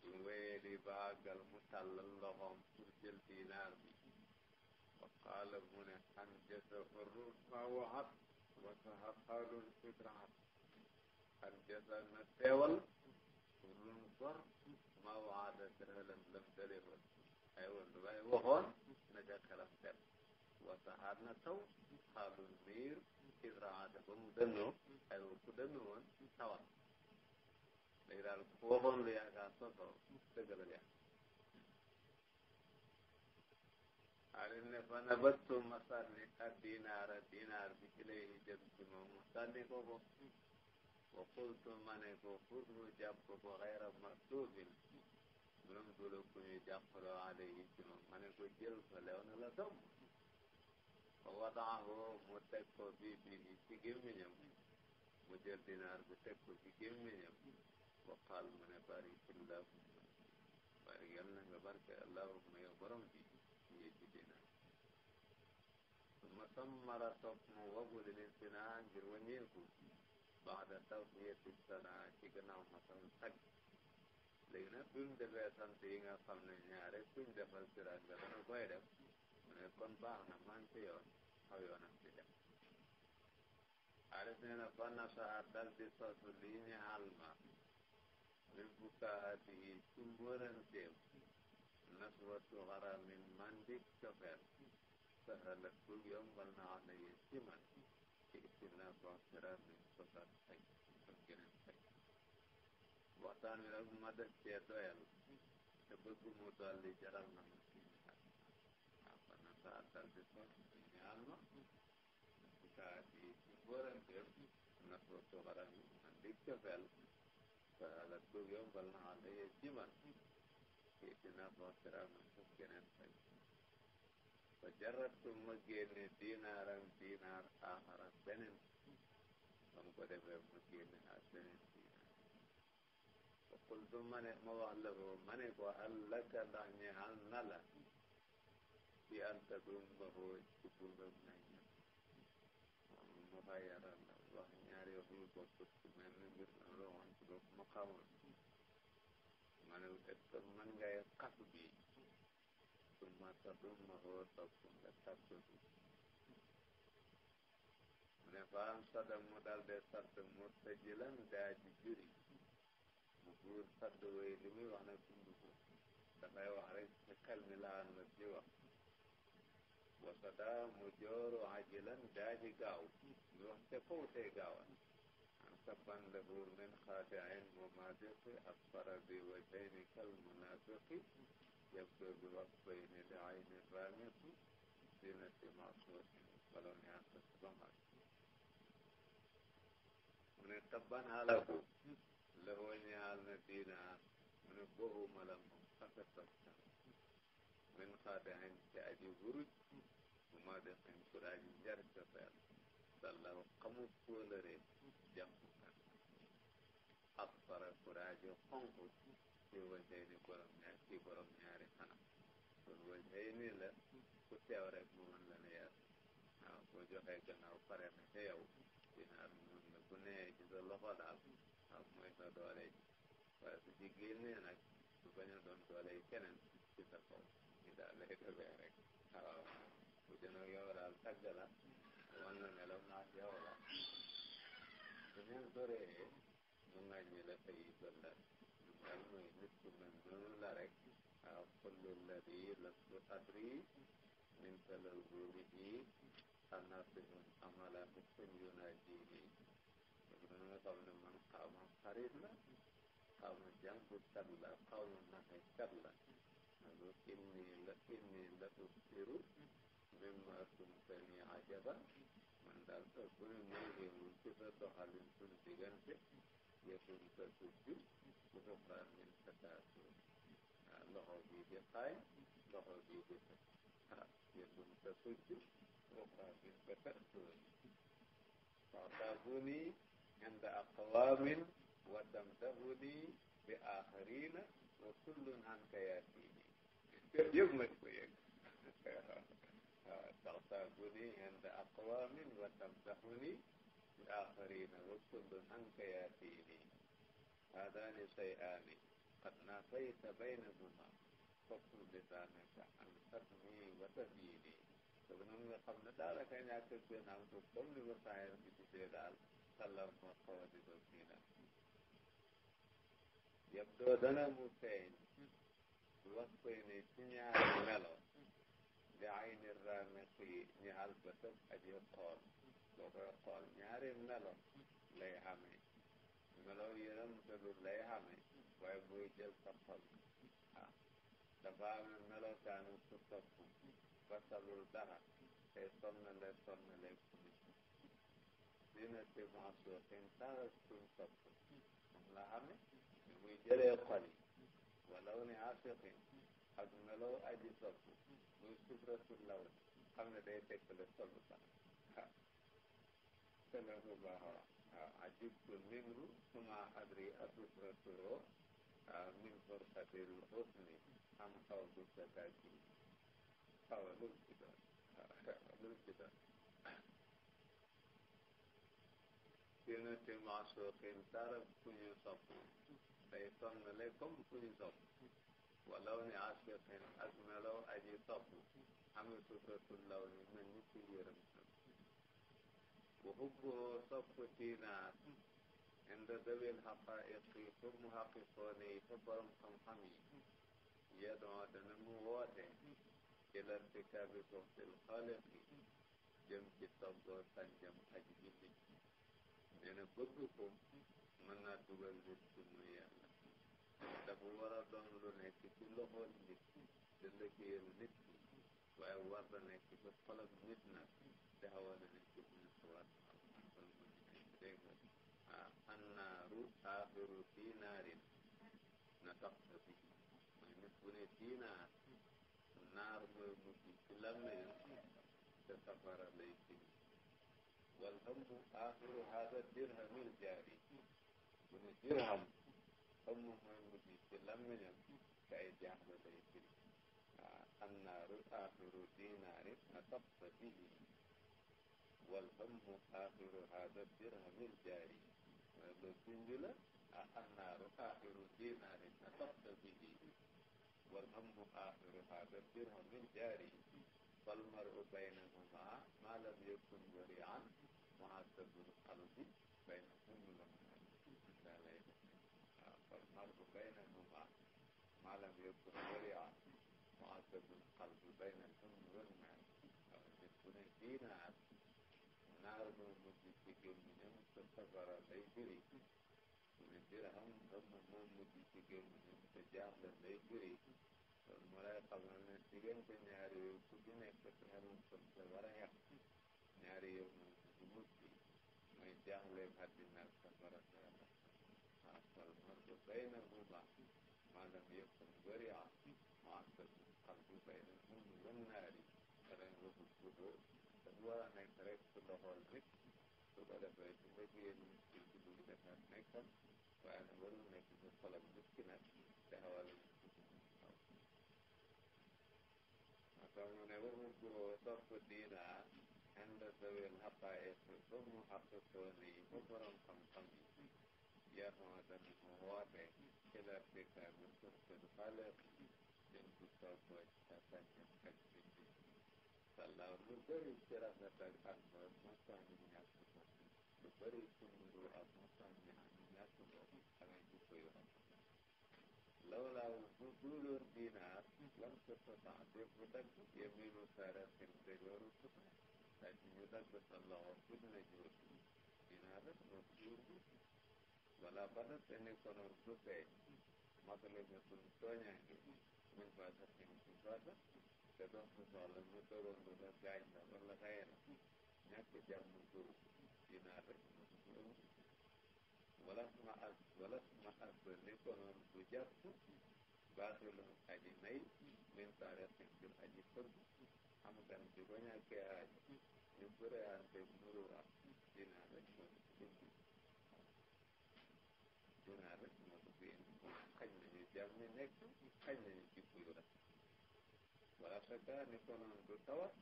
mu wéyee baagal mu tàllal loxoom pour jël dinaar bi fa qaala mu ne an jasa farrut ma waxat wasaxa xaalul fitraat an jasa na teewal farrun gor ma waxaat a sëhalam lam dëlewal ay woon lu may waxoon saxaar na taw xaalul niir israada ba mu dëngoo ay wa ku dëngu woon tawat léegi daal ku waxoon lu yaakaar soto dëggalal yàq xaalis ne fa nabattu ma sànni ak dinaara dinaar bi ci lay jëm ci moom ma sànni ko ko wa qultu ma ne ko xurru jàpp ko xayra mardubin mu doon dula ku ñu jàppaloo alayhi ci moom ma ne ko jël ko lew na la domm fa wadaahu mu teg ko bii bii ci gémmiñam mu jël dinaar bu teg ko ci gémmiñam waqaal mu ne barikillah bari yal na nga barke allahuma yow borom bi ñi ci dinaar summa sammara topp mu waguli li sinaa ngir wàññeeku baada tawfiyati sanaa ci gannaaw ma sam tag léegi nag bi mu defee sant yi nga xam ne ñaare kuñ defal siraat nga dana koy def mu ne kon baax na man ci yoon aw yoonam di dem Arif nee na fa nasaa dal di sosu lii ñu xaal ma min bukaati yi ci mbóoranteem naswatu xaramin man di cofeel sahalat kul yombal na wax ne yéen ci man ci istimna consiran min sosat fay ak geneen fay waxtaan wi nag ma def cee doyal te bëgg mu dolli jaral na ma ci waaw fa nasaa dal di sosu saa yi ci booranteem nasru tuxarami man dig cofeel fa la ko yombal na alayya ci man kii dina bootiraam man foofu keneen fay fa jaratu ma génne dinaaram dinaar aaxara beneen ba mu ko defee ma génne ak beneen dinaar fa qultu ma ne ma wax la ko ma ne ko allaka ndax ñi al na la ci an tadummahu ci bundam ne dafa yaral la wax ñaar yoo xam ne bokkut ci mel ni mbir la loo xam ma ne est ce que mën ngay xas bi su ma tatu ma koo topp nga tatu mu ne fa am mu dal de sadd mu tëjilan daa juri mu buur sadd way li muy wax nag dund ko dafay wax rek ci xel mi laan la ci wax wa mu jooru ajilan daa ji waxte fowtee gaawan an sabban lahu min xaatiin mumaadiqi asfara bi wajhayni kal munaafiqi yabdo bi wasfayni li ayni raamiqi zinati masuusi baloon yaa tas ba mag mu ne tabban halaku lahu ñaal na diina mu ne boobu mala moom xata tabtan min xaatiin ci aji buruj mumaadiqin ku daaji njar ca feel sallam xamul kóolare jàpp ak fara kuraajo xonq ci wajhayni borom ñaar ci borom ñaari fanam kon wajhayni la ku teew rek mu mën la ne yar waaw boo joxee gannaaw pare na ca yow dina am mun la bu nee ci loxo daal waaw mooy sa doole ji waaye su ci génnee nag su bañ a doon doole yi keneen ci sa kaw ñu daal lay defee rek waaw bu jënoo yow daal wan na melaw naa ci yow la su ngeen doree mu ŋàññi la fay bëndal daal mooy nit ku mel noonu la rek waaw kullu ladi lastu adri min salal buurihi anasihun amala mukkum yunajini mu nga xam ne man xawma xarit la xawma jàngkat la xawma naxekat la nanu inni la inni la tusiru mimma kuntani ajaba daal heure bu ñu méngee wu ci sa doxalin suñu diggante yëkkul sa su jub bu sa faral min sa taasu ah loxo bii di xaay loxo bii di tëj ah yëkkul sa su jub bu sa faral min sa taasu waxtaabuni inda aqwaamin wa tamtahuni bi aaxarina wa kullun anka yaatini yëpp ma ko tasaaguni inda aqwamin wa tamdahuni bi axarina wa kullun anka yaatini haadani shay'ani qad naafayta baynahuma fokkum lisaanika an satmi wa tabyini dëgg na nga xam ne daanaka ñàkk a gën a am tuut comme ni ko saa yër bi gisee daal xelal moo xaw a di ko kii nag. yab doo dana mu feeñ. wax koy ne ci ñaari melo. li ayni raamiqi ñaal bëtëb aji xool boo koy xool ñaari melo lay xamee melo yëram tëlu lay xamee waaye muy jël sa xol ah dafa amee melokaanu su topp basalul dara tey sonn la sonn lay puni dina si mensoo ten dara suñ topp moom la xamee muy jëlee xol yi walaw ni asiqin ak melow aji topp muy subratul law xam ne day tegtale tollu sax waaw sena bu baax waaw ajibtu minhu suma adri asufratoo waaw min fursatil husni am xaw du sataki xawa lu mu ci doon waaw lu mu ci doon yonente maasuqin tarab ku ñu walaw ni asiqin ak melow aji topp amee suufeetul law ni mel ni ku yërëm bu xubboo sopp tiinaar inda dawil xaqaiqi pour mu xaqiqoone yi fa borom xam-xam yi yedoo dana mu woote ilartikaabi suxtil xaaliqi jëm ci toggoo sànjam aj bi nee na bëgg ko mën naa dugal nit ci muy yàlla dafa war a doon lu nekk ci loxol nit di liggéeyal nit ki waaye war na nekk ci xolam nit nag te xawoon na nekk ci suñu xalaat kon mu dégg nga ah annaaru aaxiru diinaarin na tax na bi mooy nit bu ne diinaar naar mooy mujj ci làmmeel te safara lay jëm wal hambu aaxiru haada dirhamil jaari bu ne dirham làmmiñam ci ay jaax la day firi annaarul aaxiru dinaarin natabta bihi wal hammu aaxiru haada dirhamil jaari mooy ba junj la ah annaaru aaxiru dinaarin natabta bihi wal hammu aaxiru haada dirhamil jaari fal maru baynahuma maa lam yakun warian muhasabul qalbi bayna bii naar naar mooy mujj ci gémmiñam te safara day bëri mu ne dirham dëmm mooy mujj ci gémmiñam te jaaxle day bëri kon mu lay xamal ne diggante ñaari yooyu ku ci nekk xelum kon sa war a yàq ñaari yooyu moom ci mujj mooy jaaxleem àddina ak safara waaw kon man ko bay na mu war a nekk rek su doxoon rek su ko defee su fekkee nit ki ci dugg dafa nekkam waaye nag warul nekk ci xolam nit ki nag taxawal moo mu ne warul guro topp diina ànd dawil xaqaayiq ba mu xaqitoon yi ba borom xam-xam yi yarmoo dana mu woote ci la fekkaa bi surtout xale jëm ci topp ca sañ ak bi allah lu bëri ci rafetal ak mosañ ñu ñàkk ko lu bëri ci nuroo ak mosañ ñu ñàkk ko amee jikko yu rafet lawlaaw bu duuloon dinaar lam ko sotan def bu dagg yeminu saaratin dajooru sotan daj ñu dagg sa loxo fu dina jóot dinaar rek moom duur bi wala bana seni konoon du feeñ matale ñu sun tooñange min baata sin ci baata te doon ko soxla mu toroon lu ko gaañ na wala xëy na ñàkk jàmm góor yi naa rek wala suma as wala suma as ba nekkoon bu jàpp baaxulum aji nay min taare si jur aji pëgg am gan bi ko ñàkkee aaj ñu bëreante murura dinaa rek moo ko indi dinaa rek moo ko indi xañ nañu jàmm nekk xañ nañu wasaka ni ko noonu du tawat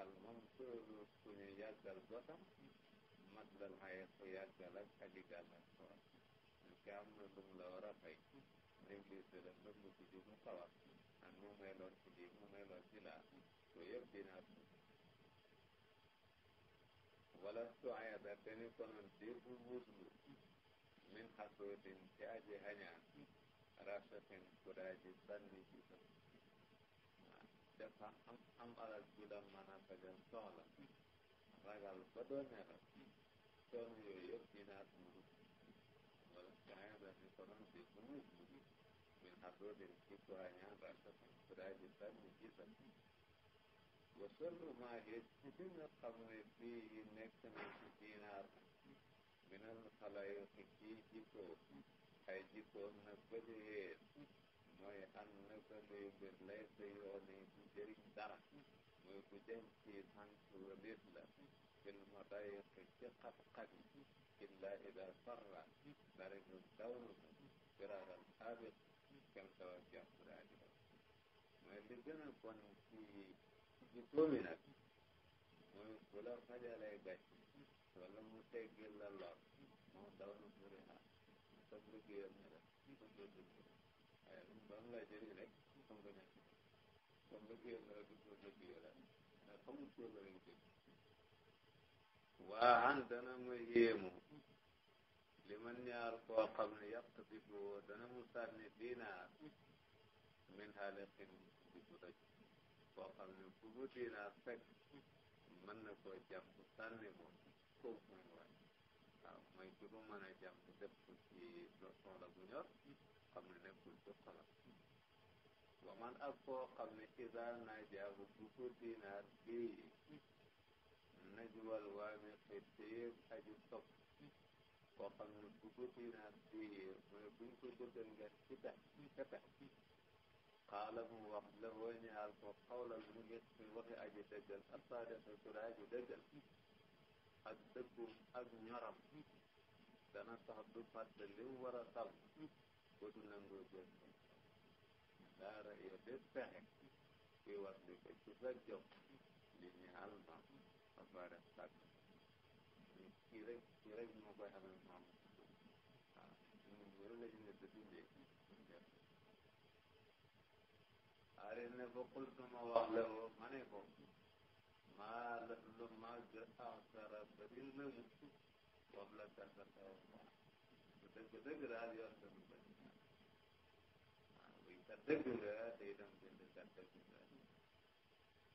al mamsuuru ku ñu yàggal gotam maddal xaye ku yàggal ak aji gàllankoor ko am na la war a fay léegi li si la bëgg ci ji mu tawat wala su ayada te ni ko noonu diir bu muslu min xasootin ci hañaan rasatin ku daa ji sa def am am alal ju la mën a fajal soxla ragal ba doo nelaw coono yooyu yëpp dinaat munu wala kaay la ni ko doon dégg mu munu min xadoo de ci tooñaan ah, rasa kudaay di sànni ci sa wa solu maa gis ci nga xam ne fii yi nekk na ci dinaar minal xalayo ki ci jikkoo ay jikkoom nag ba di yéen mooy am na ko luy mbir lay sa jëriñ dara muy ku jëm ci mantu wëlit la fil madayiqi ci xat-xat yi illa ida farra daribu dawru firaaral xaabit kem sawa jàppuraadi mooy li gën a la fajalee mu teggi la lor moom dawru furiha sa liggéeyam ne rek sa mu doon la kon liggéeyam la du ko liggéey la ndax xamul kóol lañ ci waa an dana ma yéemu li man ñaar koo xam ne yàq bi boo dana mu sànni dinaar min xaaliqin di bu doj koo xam ne bu mu fekk mën na koo jàpp sànni moom foofu muy waay waaw mooy ku du mën a jàpp def ko ci loxo la bu ñor xam ne nekkul ci xolal wa man ak koo xam ne isa najaabu bu ko dinaar bii najwal waami xittiir aju topp koo xam ne bu ko dinaar bii mooy buñ ko jëgal nga ci tax mu wax la woo ñaal ko xawlal mu ngi waxi aji dëggal ak saadiqa suraa aju dëggal ak dëggum ak ñoram dana tax du fàtte li mu war a nangoo jël daara yo de pexe kuy war di ko ci sa jom di ñaal ma ba pare sàkk ñu kii rek kii rek moo koy amee maam waaw ñun loolu la ñu ne te dundee ari ne fa qultu ma wax la ko ma ne ko maa la lu maa jot ansara ba dil na mu wab la kasa taw bu dëgg dëgg daal yor tamit dëgg nga te itam bind kat dëgg nga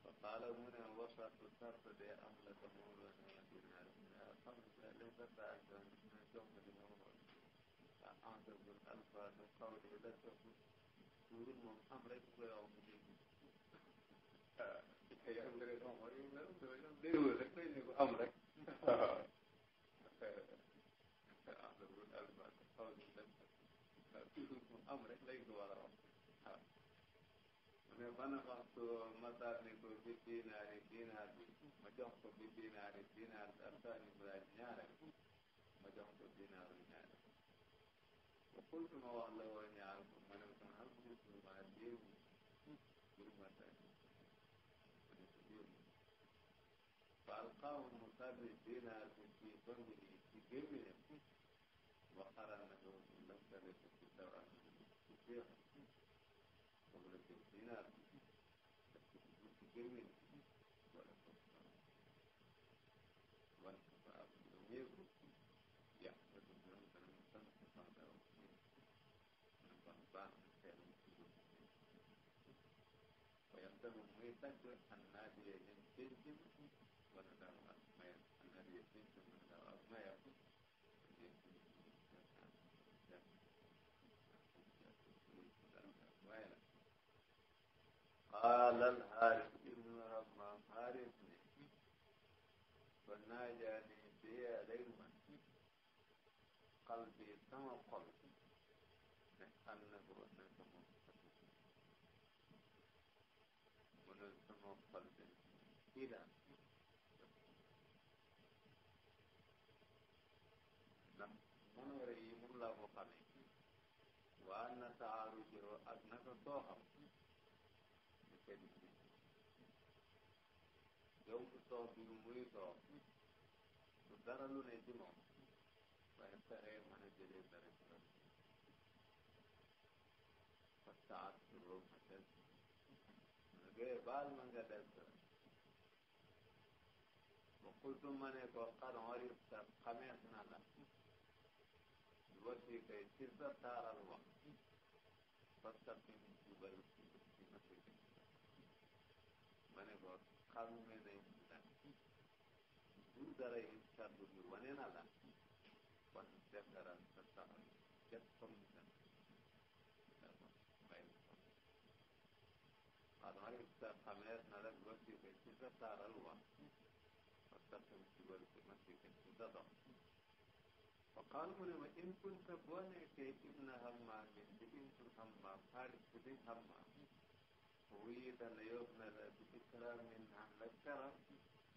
fa qaala mu ne wasatu sart de am la ko moom la sama dinaar xam nga li nga taa jom na jom li nga xool a ansabul alfa du xaw di la sofu tuuru moom am rek ko yow mu dégg yow nga rek moom yu mel ñoom déggoo rek day ni ko am rek ansabul alfa du xaw di la sofu tuuru moom am rek lay ko war a wax ne fanafaxtu ma sànni ko bi dinaari dinaar bi ma jox ko bi dinaari dinaar bi asaani bulaaj ñaareel ma jox ko dinaaru ñaareel wa qultu ma wax la woo ñaar ko ma ne ko am gis ma jéemu ngir ma tànn ma ne ko jéemu fa alqaahu mu sànni dinaar bi ci bangu yi ci gémmiñam wa xaraa na ko lëkkale ko ci dawaan ci jéem yaddanu muy dagg annaabiya ñoom pénc wala daaw ak mayam annaabiya pénc wala daaw ak mayam قال الحارث بن همام حارث ne فناجاني بي عليهما قلبي sama xol sida ndax mënoore yi moom laa ko xamee waa na taaru joro ak naka tooxam ñu kenn ci yow du toox bi muy toox du dara lu ne ci moom waaye fexe mën a jëlee dara ci moom fa taat joro ma baal ma nga des kultu ma ne ko xar xarit sa xamees na la wasi kay ci sa taaral wax parce que fi mu jubal ci ma si ma ne ko xamume nañ la du dara yi kàddu gi wane na la kon defaral sa taxaw jot comme sa xar xarit sa xamees na la kay ci sa taaral wax da dox fa qaal mu ne ma in kunta boo nekkee ibna hammaamin di ibnul hammaam xaalis bi di hammaam wuyita na yóbbu na la bi ikraamin am la karam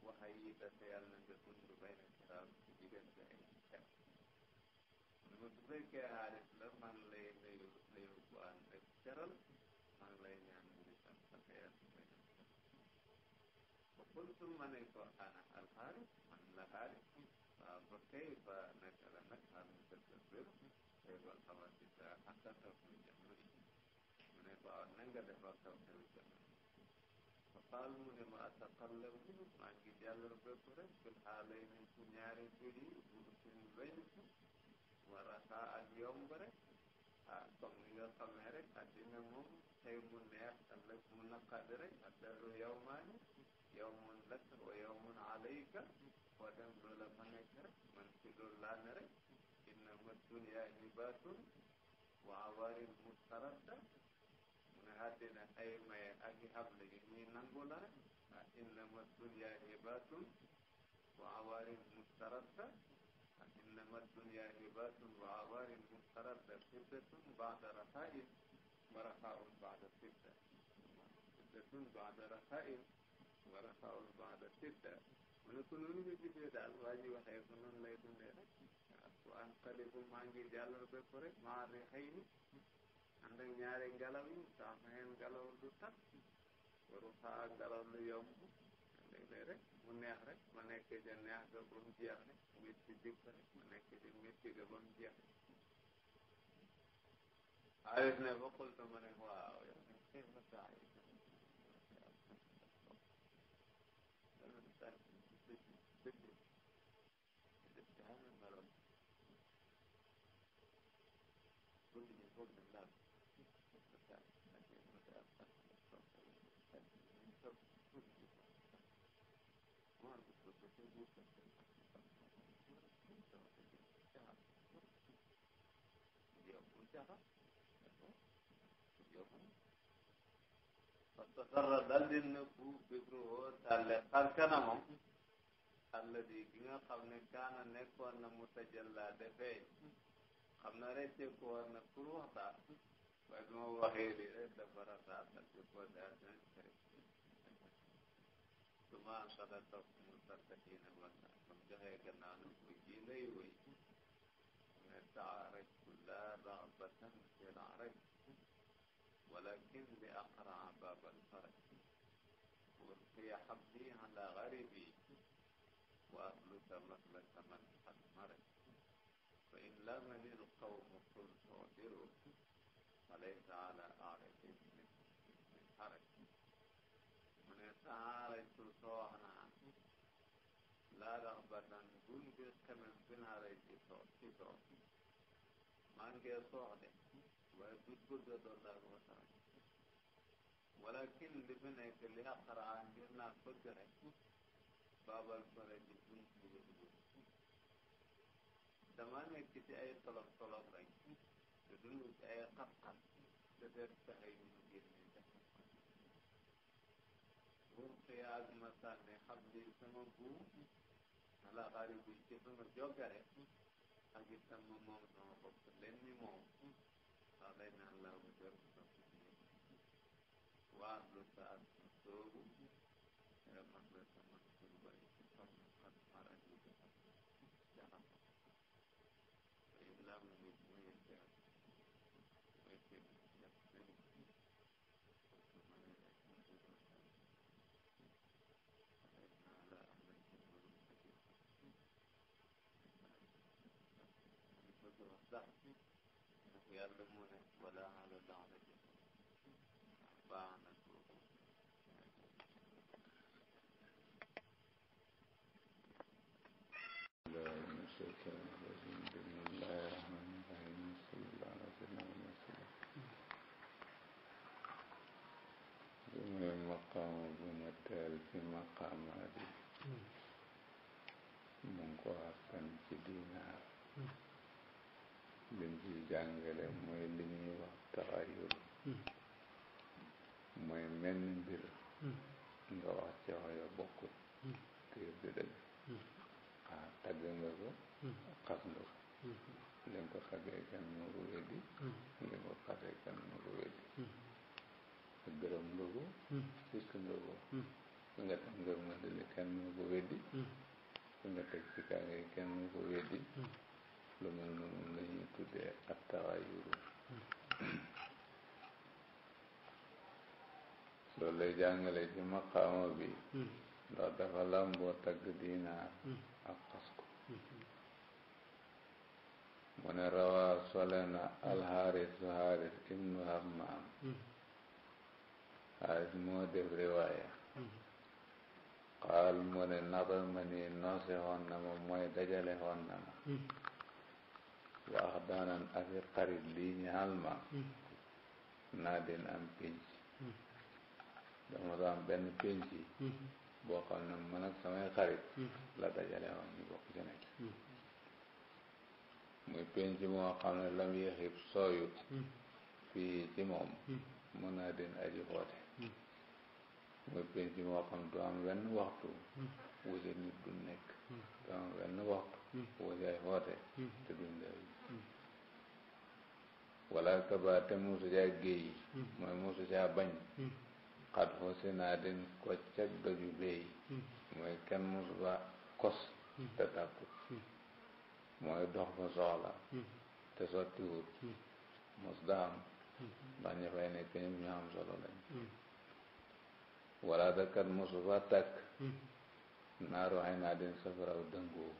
waxa yita te yàlla na nga dund bay na kiraam ci diggante ay ker mu su fekkee xaalis la man lay nuyu nuyu bu ànd ak caral man lay ñaan bu di sant sa xeyal bu may ba kuntu ma ne ko ana كيف نجعل مثل التصوير كيف الخواتيم حتى توصل الجمهورية من يبقى ننقل يبقى توصل الجمهورية فقال mu ne ma ataqallabu maa ngi jàllal bépp rek fil xaalayni ci ñaari mbir yi bu suñu wéññi war a xaa ak yomb rek ah comme ni nga xamee rek addina moom tey mu neex ëllëg mu naqadi rek addaru yawmaan waajibaatun wa awaarin mustaradda mu ne àddina ay maye ak i xable yu ñuy nangu la rek ah innama dunya hibaatun wa awaarin mustaradda ah innama dunya hibaatun wa awaarin mustaradda fiddatun a rasaa'in wa rasaa'un baada fidda fiddatun baada rasaa'in wa rasaa'un baada fidda mu ne daal waa ji waxee ko noonu wa anqalibu maa ngi jàllal bépp rek maa ri xëy ni ànd ak ñaari ngelaw yi saa maxeen ngelaw du tat waru xaa ngelaw lu yomb mu neex rek ma nekk ca neex ga ba mu jeex rek métti jub rek ma nekk ca métti ga ba mu jeex Arif ne bokkul sama ne waaw yow sarra dal di nëbbu bibru woo tàlle xar kanamam alladi gi nga xam ne kaana nekkoon na mu tajalla defee xam na rek ci ko war na pour waxtaan waaye bi ma waxee lii rek dafa rataa
ndax ci ko daal na kër
su ma sala topp mu sarkatina wala mu joxee gannaaw na ko ji lay wëy ne taaraj kulla ragbatan fi laraj walakin li aqra bab alfaraj walqiya xabdi ala garibi wa atluka maslaka man qad maraj fa in lamani الصوم تنصدر فليس على أعرف من حرج mu ne taaraytu soox naa laa raxbatan gun bi xemem bi naaray ci soox ci soox maa ngi soox de waaye du bëgg a doon daal ma sax walakin li fi nekk li aqraa ngir naa bëgg rek baabal fële ji dama nekk ci ay tolof tolof rek te dund ci ay xat-xat te def pexe yu mu génne jafe buum xiyaas ma sànni xam ni sama buum na la xaari buy ci sama jogare ak itam ma moom sama bopp leen ni moom ndax day naan laa mu jot sa waa lu sa sunu sax yàlla mu ne wala ala danga ji baax na kooku maqaama bu ma teel ci maqaamaat yi jàngale mooy li ñuy wax taxayur hmm. mooy menn mbir hmm. nga wax ci wax bokkut hmm. te yëpp di ah, tagg nga ko xas nga
ko
li ko xasee kan moo ko weddi li ko xasee kan moo ko weddi nga tam nga dali kan nga teg ci kaa ngay kenn moo ko weddi lu mel noonu la ñuy tuddee ak taxayuru loolu lay jàngale ci maqaama bi ndax dafa làmboo tagg dinaar ak xas ko mu rawaa solena alxaaris xaaris ibnu hammaam xaaris moo def riwaaya xaal mu ne nadamani noose xoon ma mooy dajale xoon na wax daanan afi xarit lii ñaal ma naa am pénc dama doon benn pénc boo xam ne man ak samay xarit la dajale woon ñu bokk muy pénc moo xam ne lam yéexib sooyut fii ci moom mën naa aji xoote muy penc moo xam du am waxtu wuse nit du nekk du waxtu wuse xoote te duñ wala taba te musu caa géey hmm. mooy musu caa bañ xat hmm. foo naa din koccak doju béy hmm. mooy kenn musu ba kos te tàkku mooy dox fa soxla te sotti wut mos daa am ndax ña fay nekk ñu am solo lañ wala da kat musu fa tàkk naaru ay naa din safaraw dëngoo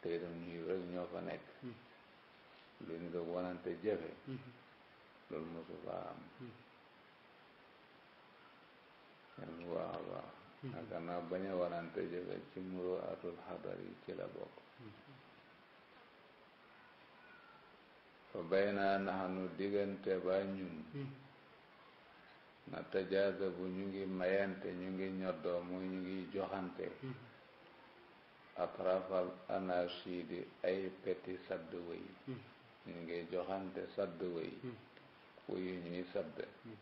te itam ñuy rek ñoo fa nekk lu ñu doon wanante jafe loolu am kenn bu baax a baax naka naa ci muro atul xadar ci la bokk fa bay naa naxanu diggante baa ñun na tajaaza bu ñu ngi mayante ñu ngi ñoddoo muy ñu ngi joxante atrafal anasidi ay peti sadd wëy ñu ngi joxante sadd way hmm. wuyu ñuy sadd hmm.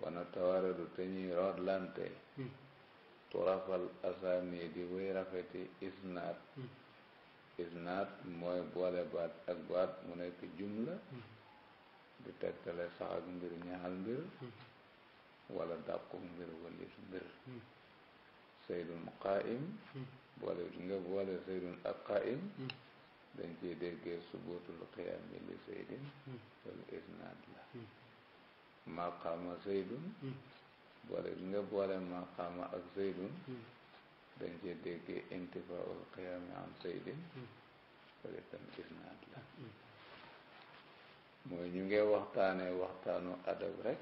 wana tawaradu te ñuy roodlante hmm. turafal asaani di way rafeti isnaat isnaat mooy boole baat ak baat mu nekk jumla di tegtale sax ak mbir ñaxal mbir wala dàqu mbir walit mbir saydun qaim boole nga boole saydun ak qaim dañ ciy déggee subuutul qiyaami li saydin hmm. loolu isnaad la hmm. maqaama saydun hmm. boole bi nga boole maqaama ak saydun dañ ciy déggee intifaaul qiyaami saydin loolu itam isnaad la mooy ñu ngi waxtaane waxtaanu adab rek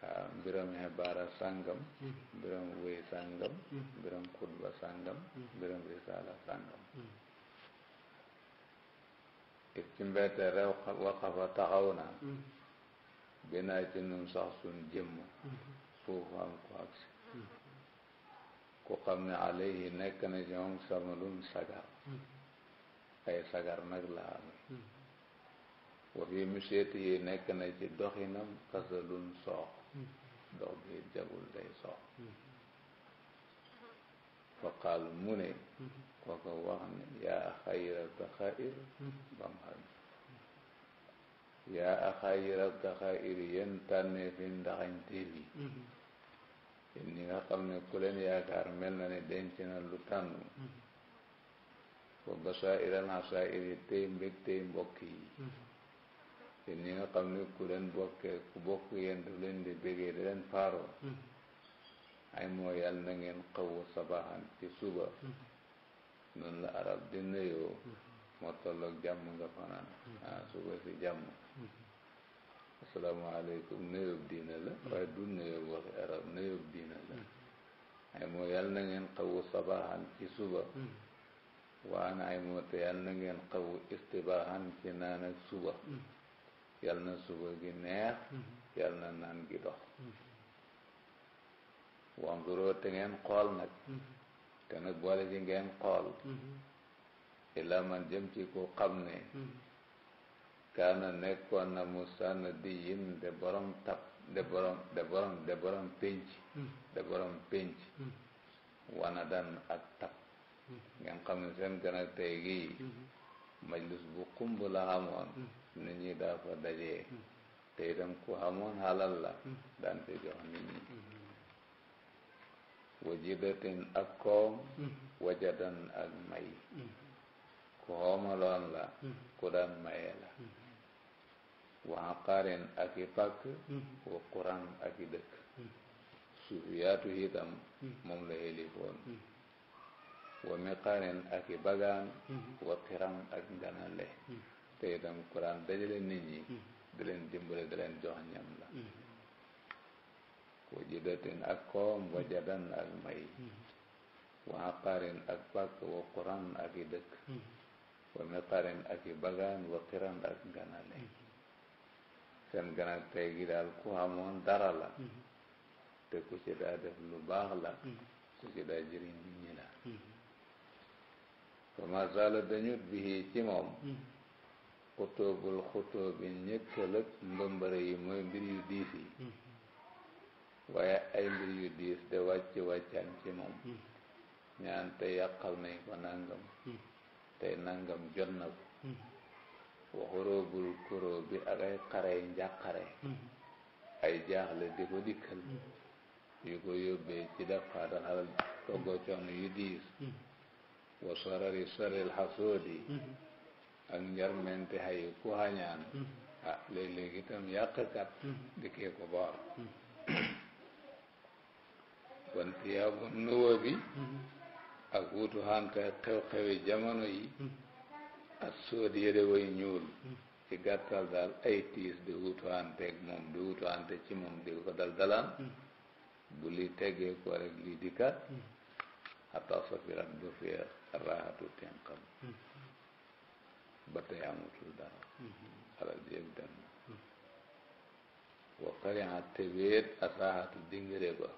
waaw ah, mbiram xibaara sàngam mbiram wéy sàngam mbiram xutba sàngam mbiram risaala sàngam it ci mbette rew waqafa taxaw na binaa mm-hmm. ci nun sax suñ jëmm mm-hmm. suufam ko ak si mm-hmm. ku xam ne alayhi nekk na ci moom samalum sagar ay sagar nag la am wa fi miseeti yi nekk na ci doxinam xasalum soox dox bi jabul day soox fa qaal mu ne ko ko wax ne yaa xayra daxair ba mu xam tànnee fi ndaxañteef yi yéen ñi nga xam ne ku leen yaakaar mel na ne denc na lu tànn wa basaa'ir al-asaa'ir tey mbég tey mbokk yi yéen ñi nga xam ne ku leen bokkee ku bokk yéen daf leen di bégee da leen faaroo ay moo yàlla na ngeen xawu sabaxan ci suba noonu la arab di nuyoo moo tolloog jàmm nga fanaan ah suba si jàmm asalaamaaleykum nuyoo diina la waaye du nuyoo waxi arab nuyoo diina la ay moo yàlla na ngeen xawu sabaxan ci suba waana ay moo te yàlla na ngeen xawu istibaaxan ci naan ak suba yàlla na suba gi neex yàlla na naan gi dox wanzuroo te ngeen xool nag te nag boole ji ngeen xool mm-hmm. ila man jëm ci ku xam ne mm-hmm. kaana nekkoon na musanna di yin de borom tab de borom de borom de mm-hmm. de borom pénc wana dan ak tab ngeen xam ne seen gën ak tey gii majlis bu xumb la xamoon nit ñi daa fa dajee te itam ko xamoon xalal la daan te jox nit ñi wajidatin ak koom mm-hmm. wajadan ak may mm-hmm. ku xoomaloon la mm-hmm. ku daan maye la waxaqaarin ak i pàkk wa quran ak i dëkk suufiyaatu itam moom la helifoon wa miqaarin ak i bagaan wa xiram ak nganale te itam quran dajale nit ñi da dimbale da leen la wajidatin ak koom wajadan ak may wa aqarin ak pàkk wa quran ak dëkk wa miqarin ak i wa qiran ak ganale seen ganal tey gi daal ku amoon dara la te ku ci daa def lu baax la ku ci daa jëriñ nit ñi la fama zala dañut bihi ci moom xutóobul xutóobi ñëkkalëg mbambare yi mooy mbir yu diis waaye ay mbir yu diis de wàcci wàccaan ci moom hmm. ñaan te yàqal nañ ko nangam hmm. tey nangam jot na ko hmm. waxuróobul kuróo bi ak ay xarey ay jaaxle di ko dikkal yu ko yóbbee ci dafaatal xalal toggo coono yu diis wa sorari soril xasoodi ak njarmente xayi ku xañaan ah léeg-léeg itam yàqkat dikkee ko boor kon siyaabu nuwa bi mm-hmm. ak wutu xante xew-xewi jamono yi mm-hmm. ak sóot yére way ñuul mm-hmm. ci gàttal daal ay tiis di wutu xanteeg moom di wutu xante ci moom di ko dal dalaan bu li tegee ko rek lii di kat xataa safirat bu fee raxatu tenqam ba tey amutul dara xalal yëpp dem wa xariat te wéet ak raxatu dingire ba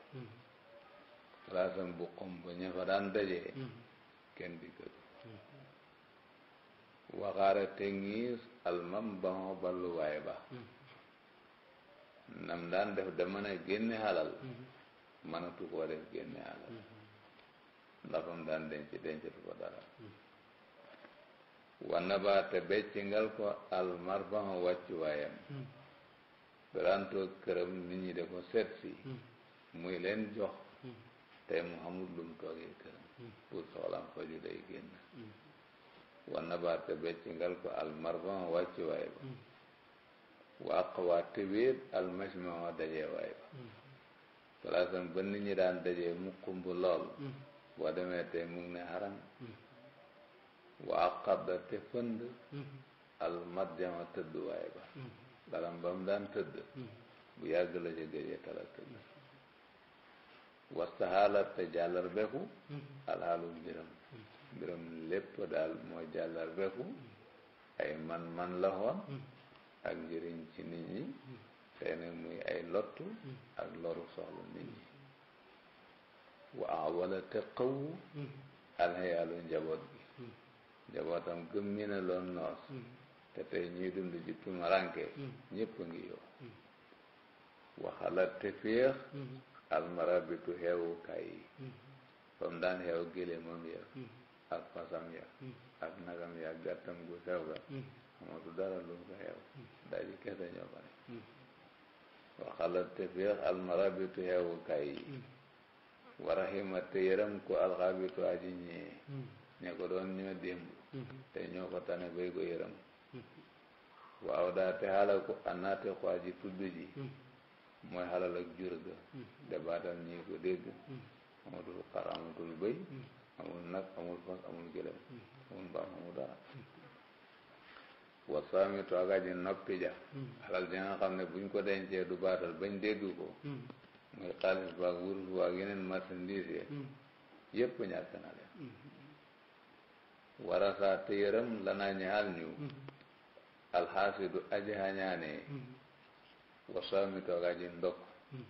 palaasam bu xom ba ña fa daan dajee hmm. kenn di gëtu hmm. waxaara te ngiir almam ba moo balluwaay ba hmm. nam daan def da mën a génne xalal mënatu koo def génne xalal ndax fam daan denc dencatu ko dara wanna baa te becci ngal ko almar ba moo wàccuwaayam daan toog këram nit ñi da ko muy leen jox tey mu xamul lu mu toogee këram pour soxlaam day génn wan baat te beccingal ko almarban wàccu waay ba waa xawaat te wéet almajmaa dajee waay ba palaasam ba ñi daan dajee mu xumb lool boo demee tey mu ne xaram waa xadda te fënd almadjama tëdd waay ba dalam ba mu daan tëdd bu yàgg la ca géjee tala tëdd wastaxaala te jàllar beku
mm-hmm.
alxaalu mbiram mm-hmm. mbiram lépp daal mooy jàllar beku mm-hmm. ay man-man la woon ak njëriñ ci nit ñi tey nag muy ay lottu ak loru soxla nit ñi wa wala te xawu alxayaalu njaboot bi njabootam gëmmi na loon te tey ñuy dund ci tumaranke ñëpp ngi yow waxala te féex almarabitu xeewukaay yi fam daan xeew gélémam ya ak ya ak nagam ya ak gu sew ga amatu dara lu ko xeew daji kese ñoo fa ne waxalat te féex almarabitu xeewukaay yi warahima te yërëm ko alxaabitu aji ñee ñe ko doon ñoo démb te ñoo ko tane bay ko yërëm waaw daa te xaala ko annaate ko aji tudd ji mooy xalal ak jur ga dabaatal mm-hmm. ñi ko dégg mm-hmm. amatul xar amatul bëy mm-hmm. amul nag amul fas amul gëlëm amul mbaam amul dara wasaami tooga ji noppi ja xalal ji xam ne buñ ko dencee du baatal bañ dégg ko muy xaalis baag wurus baag yeneen marchandise ye yépp ñàkk na leen warasaa te yërëm lanaa ñaal ñu alxaasidu aji hañaanee wasaam mi toog ndokk mm.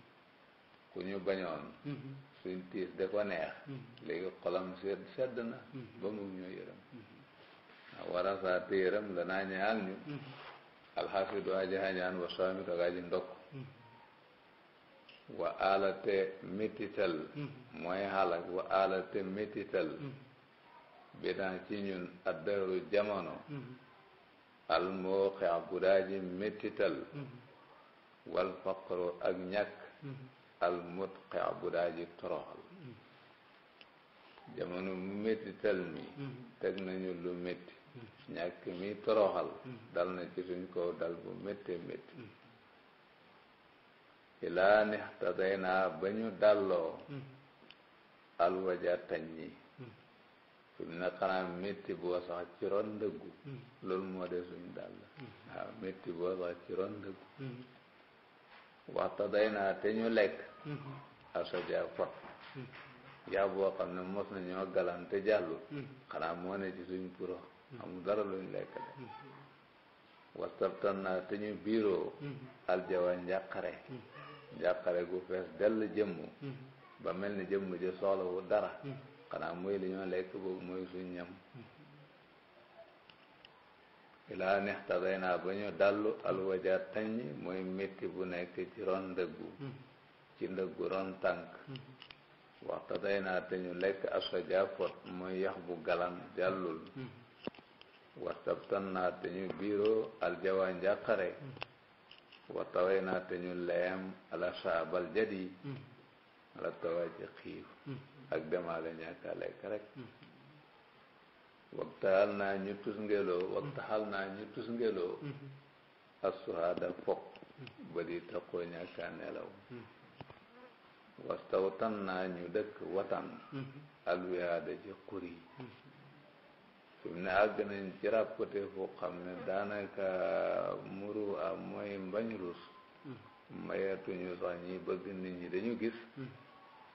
ku ñu bañoon mm-hmm. suñ tiis da ko neex mm-hmm. léegi xolam sedd sedd na mm-hmm. ba mu ñoo yërëm warasaa te yërëm la naa ñaal alxafidu aji hañaan wasaam mi toog ndokk wa alate métital mooy xalak wa alate métital bi daan ci ñun addaru jamono almoo xeex bu daa ji métital wal faqru ak ñàkk mm-hmm. al mutqi bu daa ji toroxal mm-hmm. jamono mu méttital mi mm-hmm. teg nañu lu métti ñàkk mi toroxal dal na ci suñ kaw dal bu métte métti ilaa nextaday naa ba ñu dalloo alwaja taññi fi mu xanaa métti boo sax ci ron dëggu loolu moo de suñ dàll waaw métti boo sax ci ron dëggu waxta day naa te ñu lekk asodia pot yaa boo xam ne mos na ñoo galan te jàllu mhm. xanaa moo ne suñ puro mhm. amul dara luñ lekk de mhm. wastabtan naa te ñu biiroo aljawa njàqare njàqare gu fees dell jëmm ba mel ni jëmm ji soxlawu dara xanaa muy li ñoo lekk boobu mooy suñ ñam ilaa nextaday naa ba ñu dallu alwaja taññ mooy métti bu nekk ci ron ndëggu hmm. ci ndëggu ron tànk hmm. waxtaday naa te ñu lekk asoja pot mooy yax bu galan jàllul hmm. wastabtan naa te ñu biiroo aljawa njàqare wattaway naa te ñu leem ala saabal jadi ala tawa ci xiif ak demaale ñàkk a lekk rek waxtaal naa ñu tus ngeloo mm-hmm. waxtaal naa ñu tus ngeloo mm-hmm. assuhaada fokk mm-hmm. ba di taxoo ñàkk a nelaw wastaw tan naa ñu dëkk watan alwihaada ci xur yi fi ne àgg nañ ci ràppate foo xam ne daanaka muru am mooy mbañ rus mayatuñu sax ñi bëgg nit ñi dañu gis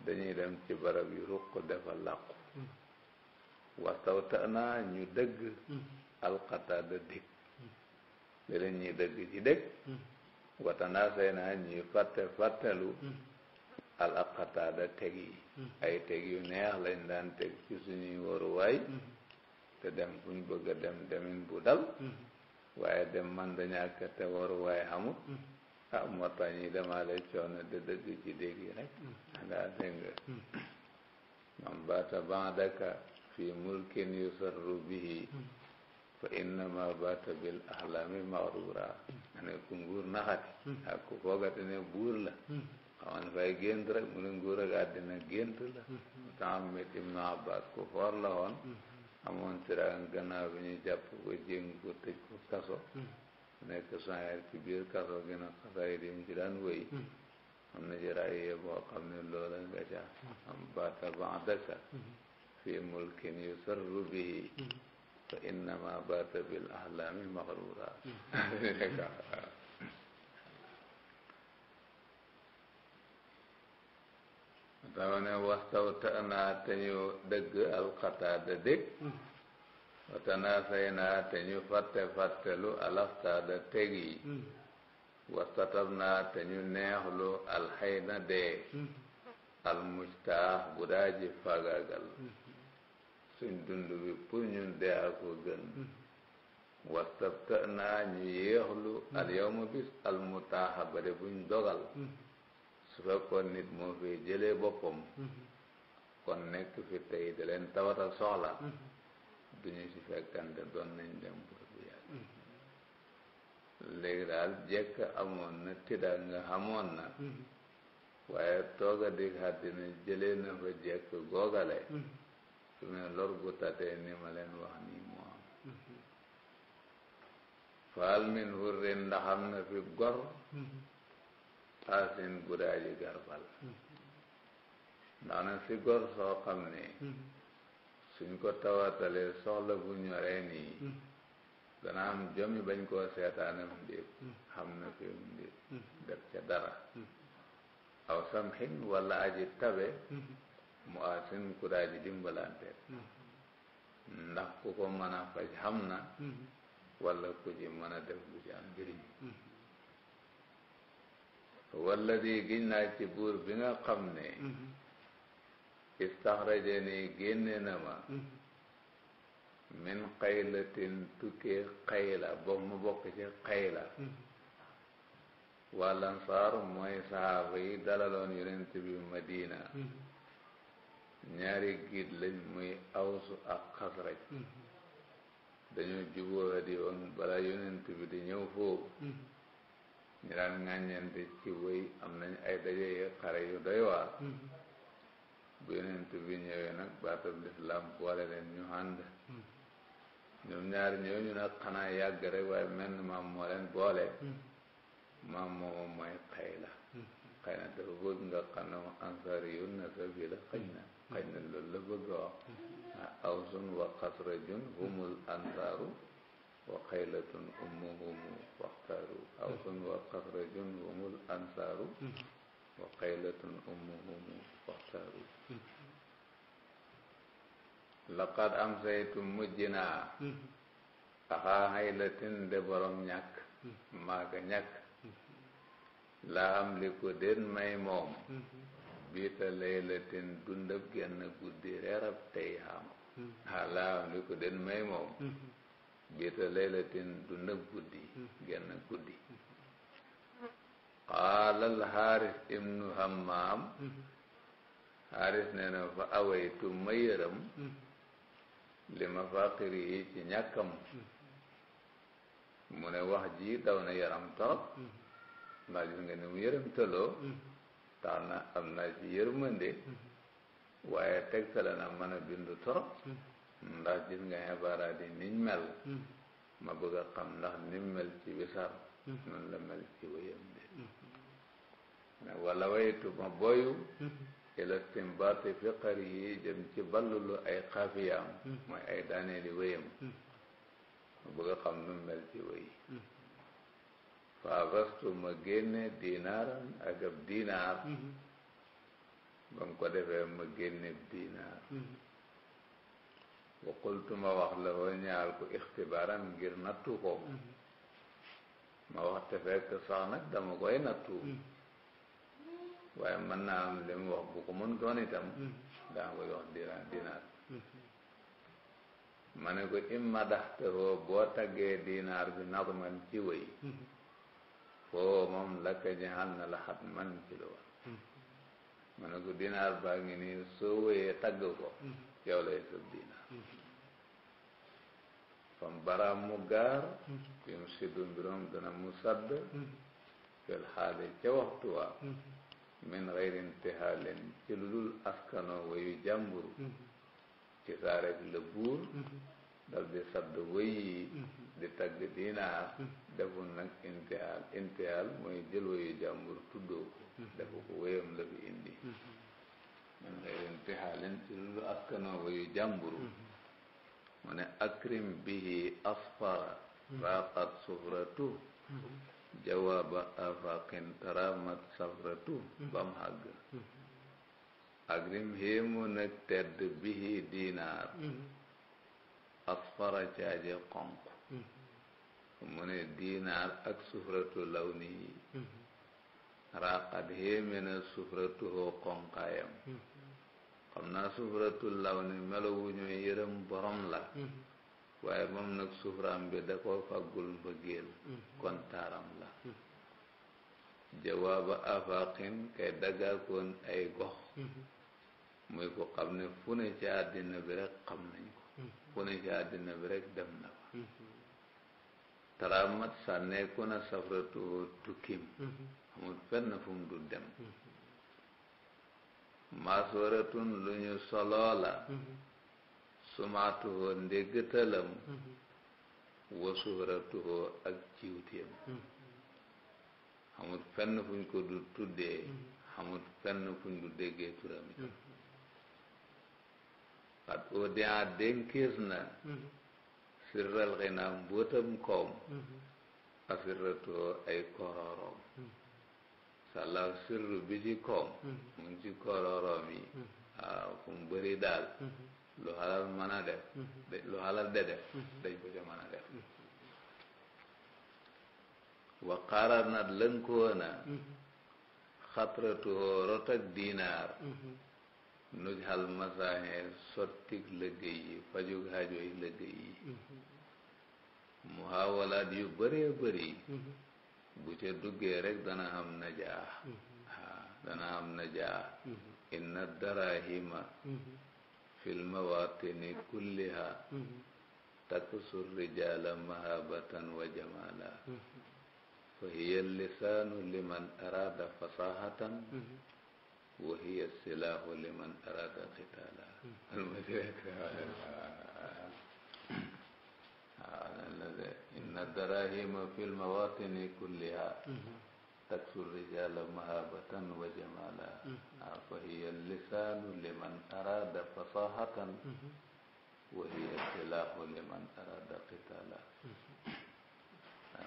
dañuy dem ci barab yu ruq defa làqu wastawtanaa ñu dëgg hmm. alxataada dëgg hmm. léeg-léeg ñuy dëgg ci dëgg hmm. watanaasay naa ñuy fàtte fàttelu al aqataada teg yi ay teg yu neex lañ daan teg ci suñuy waruwaay te dem fu ñu bëgg a dem demin bu dal waaye dem man dañàkk te waruwaay xamut ah moo tax ñuy demaale coono de dëgg ci dëgg yi rek andaa dégg man baata ban daka fi mulkin yusarru bihi fa innama baata bil ahlami maxrura nga ne ku nguur naxati ak ku foogate ne buur la xaman fay gént rek mu ne nguur ak àddina gént la Mutaamid ibnu Abbas ku foor la woon amoon tiraanga gannaaw bi ñu jàpp ko jéng ko tëj ko kaso nekk songer ci biir kaso gi nag xasaay di mu ci daan wéy am na ci raay yee boo xam ne loola nga ca am baata ban dëkka fi mulkin yusarru bihi fa innama baata bil ahlami maxrura dama ne waxtaw ta naa te ñu dëgg alxataada dëgg watanaa say naa te ñu fàtte fàttelu alaftaada teg yi wastatab naa te ñu neexlu alxayna dee hmm. almujtaax bu daa ji fagagal suñ dund bi pour ñun dee ak ko gën wastabta naa ñu yéexlu al yawma bis al mutaaxa bare buñ dogal su fekkoon nit moo fi jële boppam kon nekk fi tey da leen tawatal soxla duñu si fekkante doon nañ dem bur bu yàgg léegi daal jekk amoon na tidda nga xamoon na waaye tooga dig àddina jëlee na fa jekk googale su ne lor gu tatee ni ma leen wax nii mu faal min hurrin ndax na fi gor xaasin gudaaji garbal ndax na si gor soo xam ne suñ ko tawatalee soxla bu ñoree nii dana am jomi bañ koo seetaanam ndéet xam na fi mu ndéet ca dara aw samxin wala aji tabe mu asin ku daal di dimbalante hmm. ndax ku ko mën faj xam na hmm. wala ku ci mën a def bu ci am hmm. walla di giñ naa ci buur bi nga xam ne istaxraja ni génne na ma min xaylatin tukkee xayla bokk mu bokk ci xayla wàllan saar mooy saaba yi dalaloon yonent bi Madina ñaari giit lañ muy awsu ak xasraj mm-hmm. dañoo juboo hadi bala yonent bi di ñëw foofu mm-hmm. ñu daan ŋàññante ci wéy am nañ ay daje yu xare yu doy waar mm-hmm. bu yonent bi ñëwee nag baatab lislaam boole leen ñu ànd ñoom ñaari ñëw ñu nag xanaa yàgg rek waaye menn maam moo leen boole maam moomu mooy xëy la xëy na dafa bëgg nga xam ne mu ansaar yu na sabila xëy na xëy la bëgg a wax awsun wa xasrajun humul ansaaru wa xaylatun ummuhumu waxtaaru awsun wa xasrajun humul ansaaru wa xaylatun ummuhumu waxtaaru laqad amsaytu mujj naa axaa xaylatin de borom ñàkk maaga ñàkk laa am li may moom biita laylatin dundab genn guddi reerab tey xaam xaalaa hmm. li ko den may moom hmm. biita laylatin dundab guddi hmm. genn guddi qaala al ibnu hammaam xaaris nee fa awaytu ma yërëm li ma faqiri ci ñàkkam mu ne wax ji daw na yaram torop ndax gis nga ni mu yërëm tax na am naa ci yërmande waaye tegtale na mën a bindu torop ndax gis nga xibaaraat yi niñ ma bëgg a xam ndax niñ mel ci wisar noonu la mel ci wéyam
de
wala waytu ma boyu ila stimbaati fiqar yi ci ballulu ay xaafiyaam mooy ay daaneeli wéyam ma bëgg a xam nu ci wéy faafastu ma génne dinaaran ak ab dinaar mm-hmm. ba ko defee ma génne dinaar mm-hmm. wa qultu ma wax la woo ñaal ko ixtibaaran ngir nattu ko mm-hmm. ma wax te fekk sax nag dama koy nattu waaye mën naa am li wax bu ko mën doon itam daa koy wax dinaar dinaar ma ne ko imma daxte woo boo taggee dinaar bi nadman ci wëy koo moom lakka ñaxal la xat man ci lu ma ne ko dinaa baa ngi nii soo wéyee tagg ko yow lay sëb dinaar fam baraam mu gaar yum siddu mbiroom dana mu sadd fel xaale ca waxtuwa min xeyri intihaalin ci lu dul askano wayu jàmbur ci saa rek la buur dal di sadd wëy yi di tagg diinaar deful nag intihaal intihaal mooy jël wayu jàmbur tuddoo ko dafa ko la fi indi min xeer intihaalin ci lu askanoo wayu jàmburu mu akrim bihi asfara raaqat sufratu jawaaba afaqin taramat safratu bam xàgg akrim héemu nag tedd bihi diinaar asfara caaje xonq mu ne diinaar ak sufratu law ni yi mm-hmm. raqat xéeme na sufratuhoo xonqaayam mm-hmm. xam naa sufratu law ni melo yërëm borom la mm-hmm. waaye moom nag sufraam bi da koo faggul mbëggeel kon taaram la jawaaba afaqin kay daggaakoon ay gox muy ko xam ne fu ne ci àddina bi rek xam nañ ko fu ne ci àddina bi rek dem na fa taraamat sànneeku na safratu tukkim amul fenn fu mu dul dem maasoratun lu ñu soloo la sumaatuhoo ndéggtalam wasuhratuhoo ak ciwtéem amul fenn fu ko du tuddee amul fenn fu du déggee turam itam xat au dénkiis sirral xinaam mbóotam koom mhm. afirratu ay kororoom salaw mhm. sirru bi ci koom mhm. mu ngi ci kororoom yi waaw ah, fu mu bëri daal lu halal mën a def lu halal de def dañ ko ca mën a def wa qaarnat lënkoona xatratu rot ak diinaar nuj xal masaaxee sottig lëggéey yi fajug xaajooy lëggéey yi muhaawalaat yu bëree bëri bu ca duggee rek dana am najaa dana am najaa inna darahima fil mawatini kulliha taksur rijala mahabatan wa jamala fa hiya lisanu liman arada fasahatan wa hiya silahu liman arada qitala inna darahima fi lmawatini kulliha taksu rijala mahabatan wa jamala fa hiya lisanu liman arada fasahatan wa hiya silahu liman arada qitala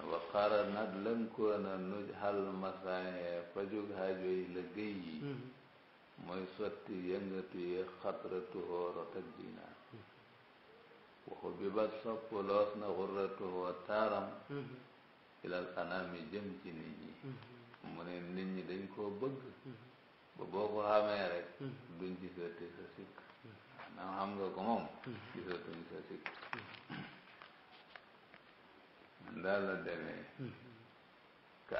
wa qara nat lan kuwana nuj hal masaye fajug haajoy lëggéey yi mooy sotti yëngatu yi xatratu hoo rot ak diinaan bi ba sopp loos na xurratu hoo taaram ilal anaami jëm ci nit ñi mu ne nit ñi dañ bëgg ba boo ko xamee rek duñ gisooti sa sikk maanaam xam nga ko moom gisootuñ la demee ka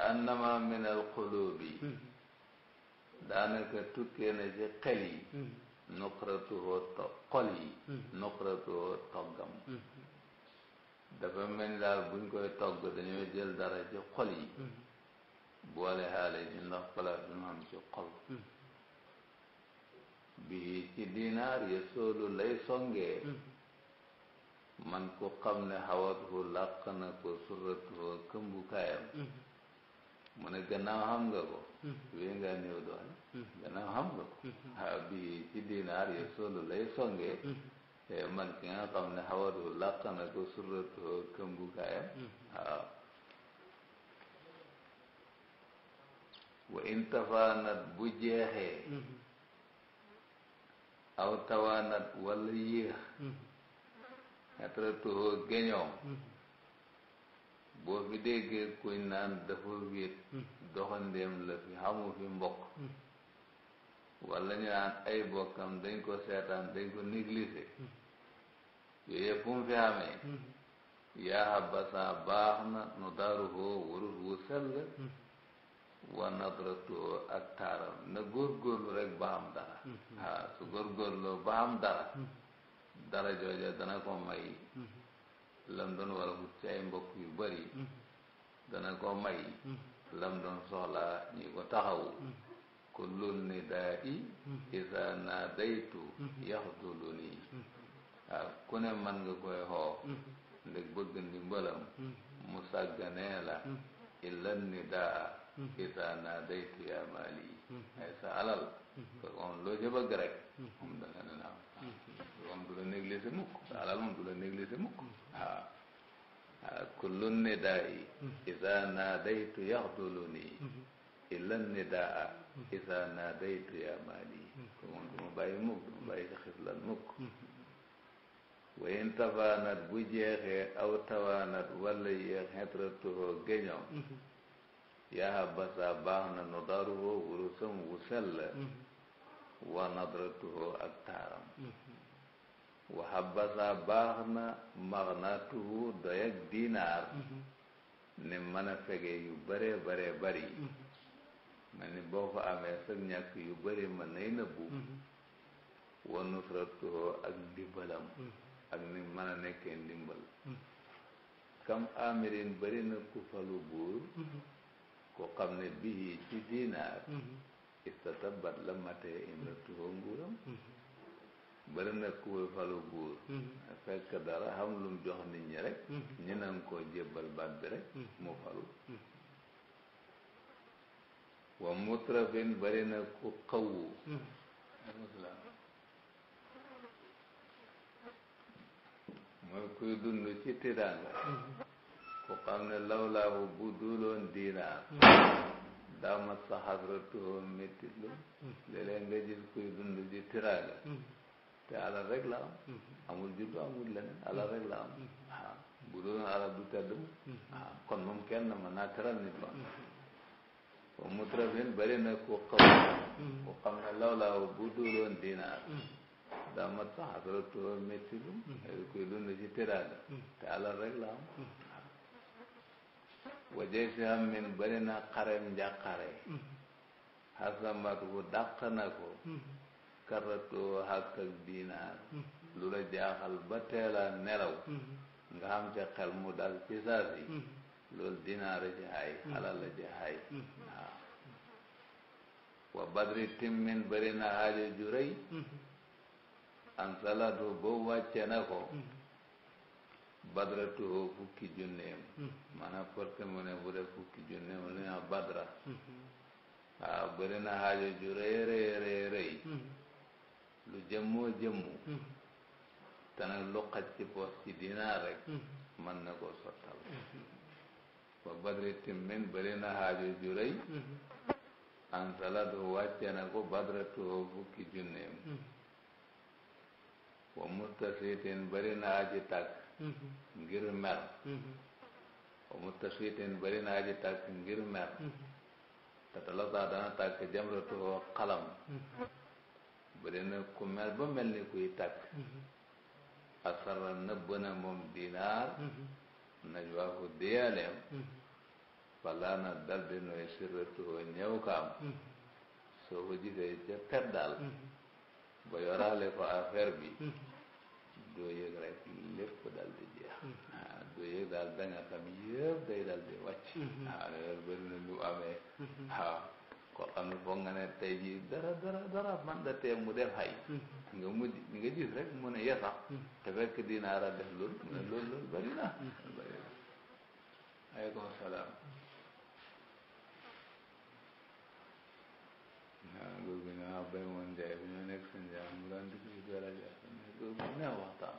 min al qulubi daanaka tukkee na ci xel yi nuqratuhoo to xol yi toggam dafa mel daal buñ koy togg dañoo jël dara ci xol yi boole xaale ci ndax place bi mu ci xol bii ci dinaar ya soolu lay songee man ku xam ne xawat hu làq na ko surratuhoo këmbukaayam mu ne gannaaw xam nga ko wéy nga néew doole gannaaw xam nga ko a bi ci dinaar yo solu lay songee man ki nga xam ne xawatu làq na ko surratoo këmbukaayam waaw wa intafaanat bu jeexee aw tawaanat wala yéex xetratoo géñoom boo fi déggee kuñ naan dafa wéet hmm. doxandéem la fi xamu fi mbokk hmm. wala ñu naan ay bokkam dañ ko seetaan dañ ko négligé hmm. yooyu yëpp fi amee yaa habasa baax na nu daaru hoo warut wu sell wa nadratoo ak taaram na góorgóorlu rek ba am dara waaw su góorgóorloo ba am dara dara jooja dana ko may lam doon war a wut ci mbokk yu bari mm-hmm. dana ko may mm-hmm. lam doon soxla ñi ko taxaw mm-hmm. kullu nidaa'i isa naadaytu yaxduluni waaw ku ne man nga koy xoo ndeg bëgg ndimbalam mu sàgganee la illa nidaa isa naadaytu yaa maali ay sa alal ko on loo ca bëgg rek moom dana moom du la négligé mukk sa alal moom du la négligé mukk waaw ah. ah, waaw kullu nidaa'i iza naadaytu yaxduluni illa nidaa iza naadaytu yaa maali ko moom du ma bàyyi mukk du ma bàyyi sa xislal mukk wa in tafaanat bu jeexee aw tawaanat walla yéex xetratuhoo géñoom yaa basa baax na nu daruhoo wurusam wu sell wa nadratuhoo ak taaram wa habasa baax na maxnaatuhu doy ak dinaar ni mën a fege yu bare bare bari mel ni boo ko amee sag ñàkk yu bari mën nay nëbbu wa nusratuhu ak ndimbalam ak ni mën a nekkee ndimbal kam amirin bari na ku falu buur ku xam ne bii ci dinaar istatabbat la matee imratuhu nguuram bari na ku koy falu buur mm-hmm. fekk dara xam lum jox nit ñi rek mm-hmm. ñi nang koo jébbal baat bi rek mm-hmm. mu falu wa mutrafin bari na ku xawwu mooy kuy dund ci tiraanga ku xam ne lawlaahu bu duloon diinaar daamat saxadratuhu métti lu léeg nga gis kuy dund ci tiraanga te alal rek la am amul juddu amul leneen alal la am waaw bu doon alal du tedd waaw kon moom kenn mën naa teral nit lool wa mutrafin bari na ku xaw ku xam ne lawlaaw bu duloon dinaar daa mat sax asaratoo métti lu kuy dund ci teraanga te alal rek la am waaw wajay si am min bari na xarem njàqare xasamat bu dàq na ko karatu xàkk ak diinaar mm-hmm. lu la jaaxal ba teela nelaw mm-hmm. nga xam ca mu dal ci saasi mm-hmm. loolu dinaar ci hay xalal la ci hay wa badri timmin bëri na xaajo ju an salatu boobu wàcce na ko badra tuho fukki junneem maanaam porte mu ne bu def fukki junneem lu ñu ah, badra waaw bëri na xaajo ju rëy rëy lu jëmmoo jëmmu hmm. te nag lu xaj ci poos ci dinaar rek hmm. mën na ko sottal ba hmm. badri timmin bëri na xaajo ju rëy an salatu wàcce na ko badratuho fukki junneem wa mustasiitin bëri na aji tàkk ngir mer wa mustasiitin bëri na aji tàkk ngir mer te talataa dana tàkk jamratuho xalam bëri na ku mel ba mel ni kuy takk mhm. asara nëbb na moom dinaar mhm. nañ waa ko déyaleem walla mhm. na daldi nooy sirratoo ñëw kaam soo ko gisee ca pet daal ba yoraale ko affaire bi doo rek lépp daal di jeex ah doo yëg daal da day daal di wàcc ah loolu bëri na lu amee ah. koo xam ne foog nga ne tey jii dara dara dara man da tee hmm. mu def hay nga mujj nga gis rek mu ne yesax te hmm. fekk dinaar a def loolu hmm. mu ne loolu loolu bari na bari na aleykum salaam ah góor gi bay moon njaay bu ma nekk sa njaay mu daan dugg si dara jaay ne góor bu neex waxtaan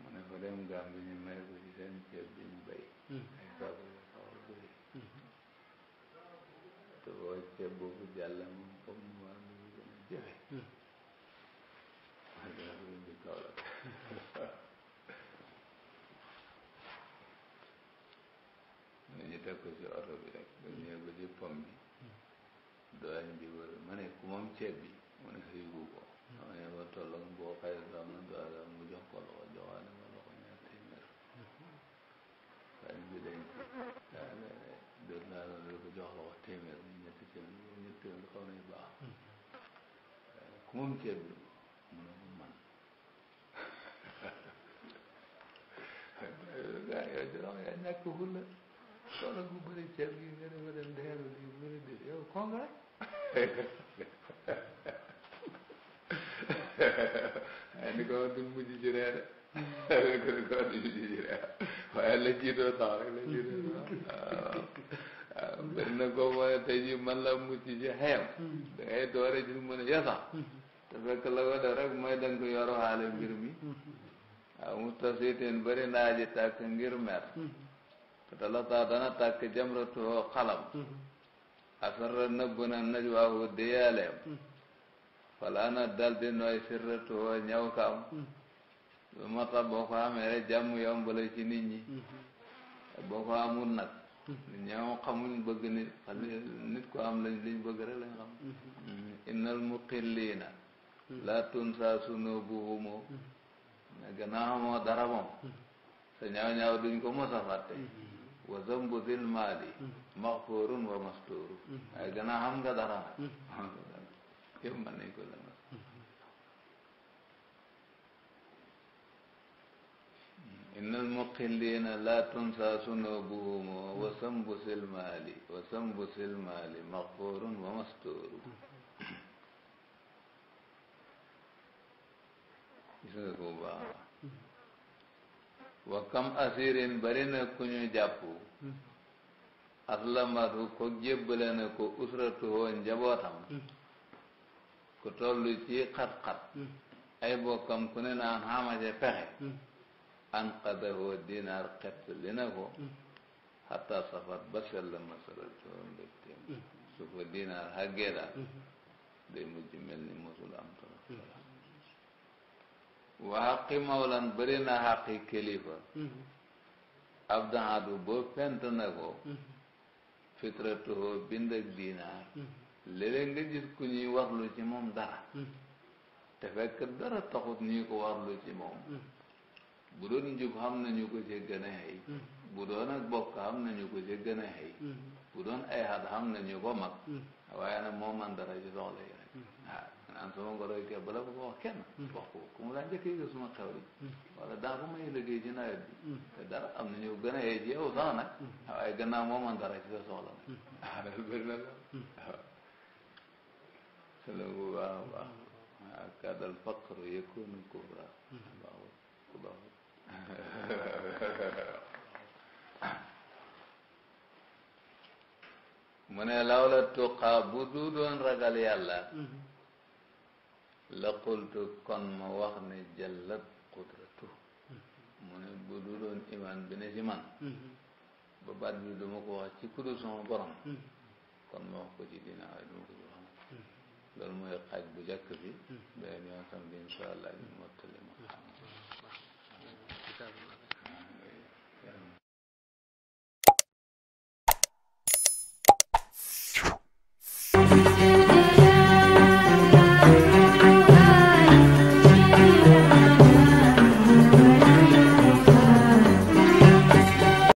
mu ne fa dem Gàmbi ñu daa indi wër ma ne ku moom ceeb bi ma ne xiigu ko ma ne ma tolloog boo xëy sax ma doole mu jox ko loxo joxaale ma loxo ñaar téeméer waaye bi dañ daa ne doon naa doon rek jox loxo téeméer baax ku moom mu ne ko man
gaa yow di yaa
ñàkk fulla solo bu bëri ceeb gi nga dem deeru lii mu ne de yow kong rek waaye ni ko wax du mujj ci ree de ko ni ko wax du mujj ci ree waaye la jiitoo tax rek la jiitoo tax waaw ah, ah, bëri na koo xam ne tey jii man ci xeem da doore ci mu ne yasa te fekk la ko rek mooy da nga yor xaale mbir mi waaw ah, mustasiteen bëri naa ji tàkk ngir mer mm-hmm. te la tax dana tàkk jamratoo xalam asarra nëbbu na najwaahu déyaaleem wala na dal di nooy sirratuhoo ñaw kam lu ma tax boo ko amee rek jàmm yomb la ci nit ñi boo ko amul nag nit xamuñ bëgg nit nit ko am lañ liñ bëgg rek lañ xam innal muqillina laa tunsa sunubuhumu gannaaw moo dara moom sa ñaaw ñaaw duñ ko mos fàtte wa zambu zil maali maxfuurun wa mastuuru waaye gannaaw xam nga dara nag yëpp mën nañ ko lëngal inna almuqillina la tunsa sunubuhum wa sambu sil maali wa sambu sil maali maxfuurun wa mastuuru gis nga ko bu baax wa kam asirin bari na ku ñu jàpp aslamatu ko jébbale na ko usratuhoo njabootam ku tollu ci xat-xat ay bokkam ku ne naan xamace pexe an qadahoo dinaar xett li ko xataa safat ba sell masalat soo su ko dinaar xàggee daal day mujj mel ni mosul am toro wa xaqi mawlan bëri na xaqi kilifa mhm. ab daxaatu boo fent na ko mhm. fitratuhu bind ak diinaar mhm. léeg-léeg nga gis ci moom dara te dara taxut ñuy ko warlu ci moom bu doon njub xam nañu ko ci gën bu doon ak bokk xam nañu ko ci gën a xëy bu doon ay xat xam nañu ko mag waaye nag moo man dara ci soxla maanaam sama ngoro bala ma ko kenn hmm. wax ku mu laa njëkkee gis suma xew li hmm. wala daa ko may liggéey ci nawet bi hmm. dara am na gën a yee ci yow sax nag ah, waaye gannaaw dara ci sa soxla nag a baax ak kadal faqru yakunu ku baaxul mu ne law la tuqaa bu doon ragal yàlla la qultu kon ma wax ne jallat qudratu mu ne bu du doon iman bi ne ci man ba baat bi duma ko wax ci kudu sama borom kon ma wax ko ci dina waaye duma ko ci wax nag hmm. loolu mooy xaaj bu jàkk bi hmm. beneen yoon tam bi insha allah ñu mottali ma xam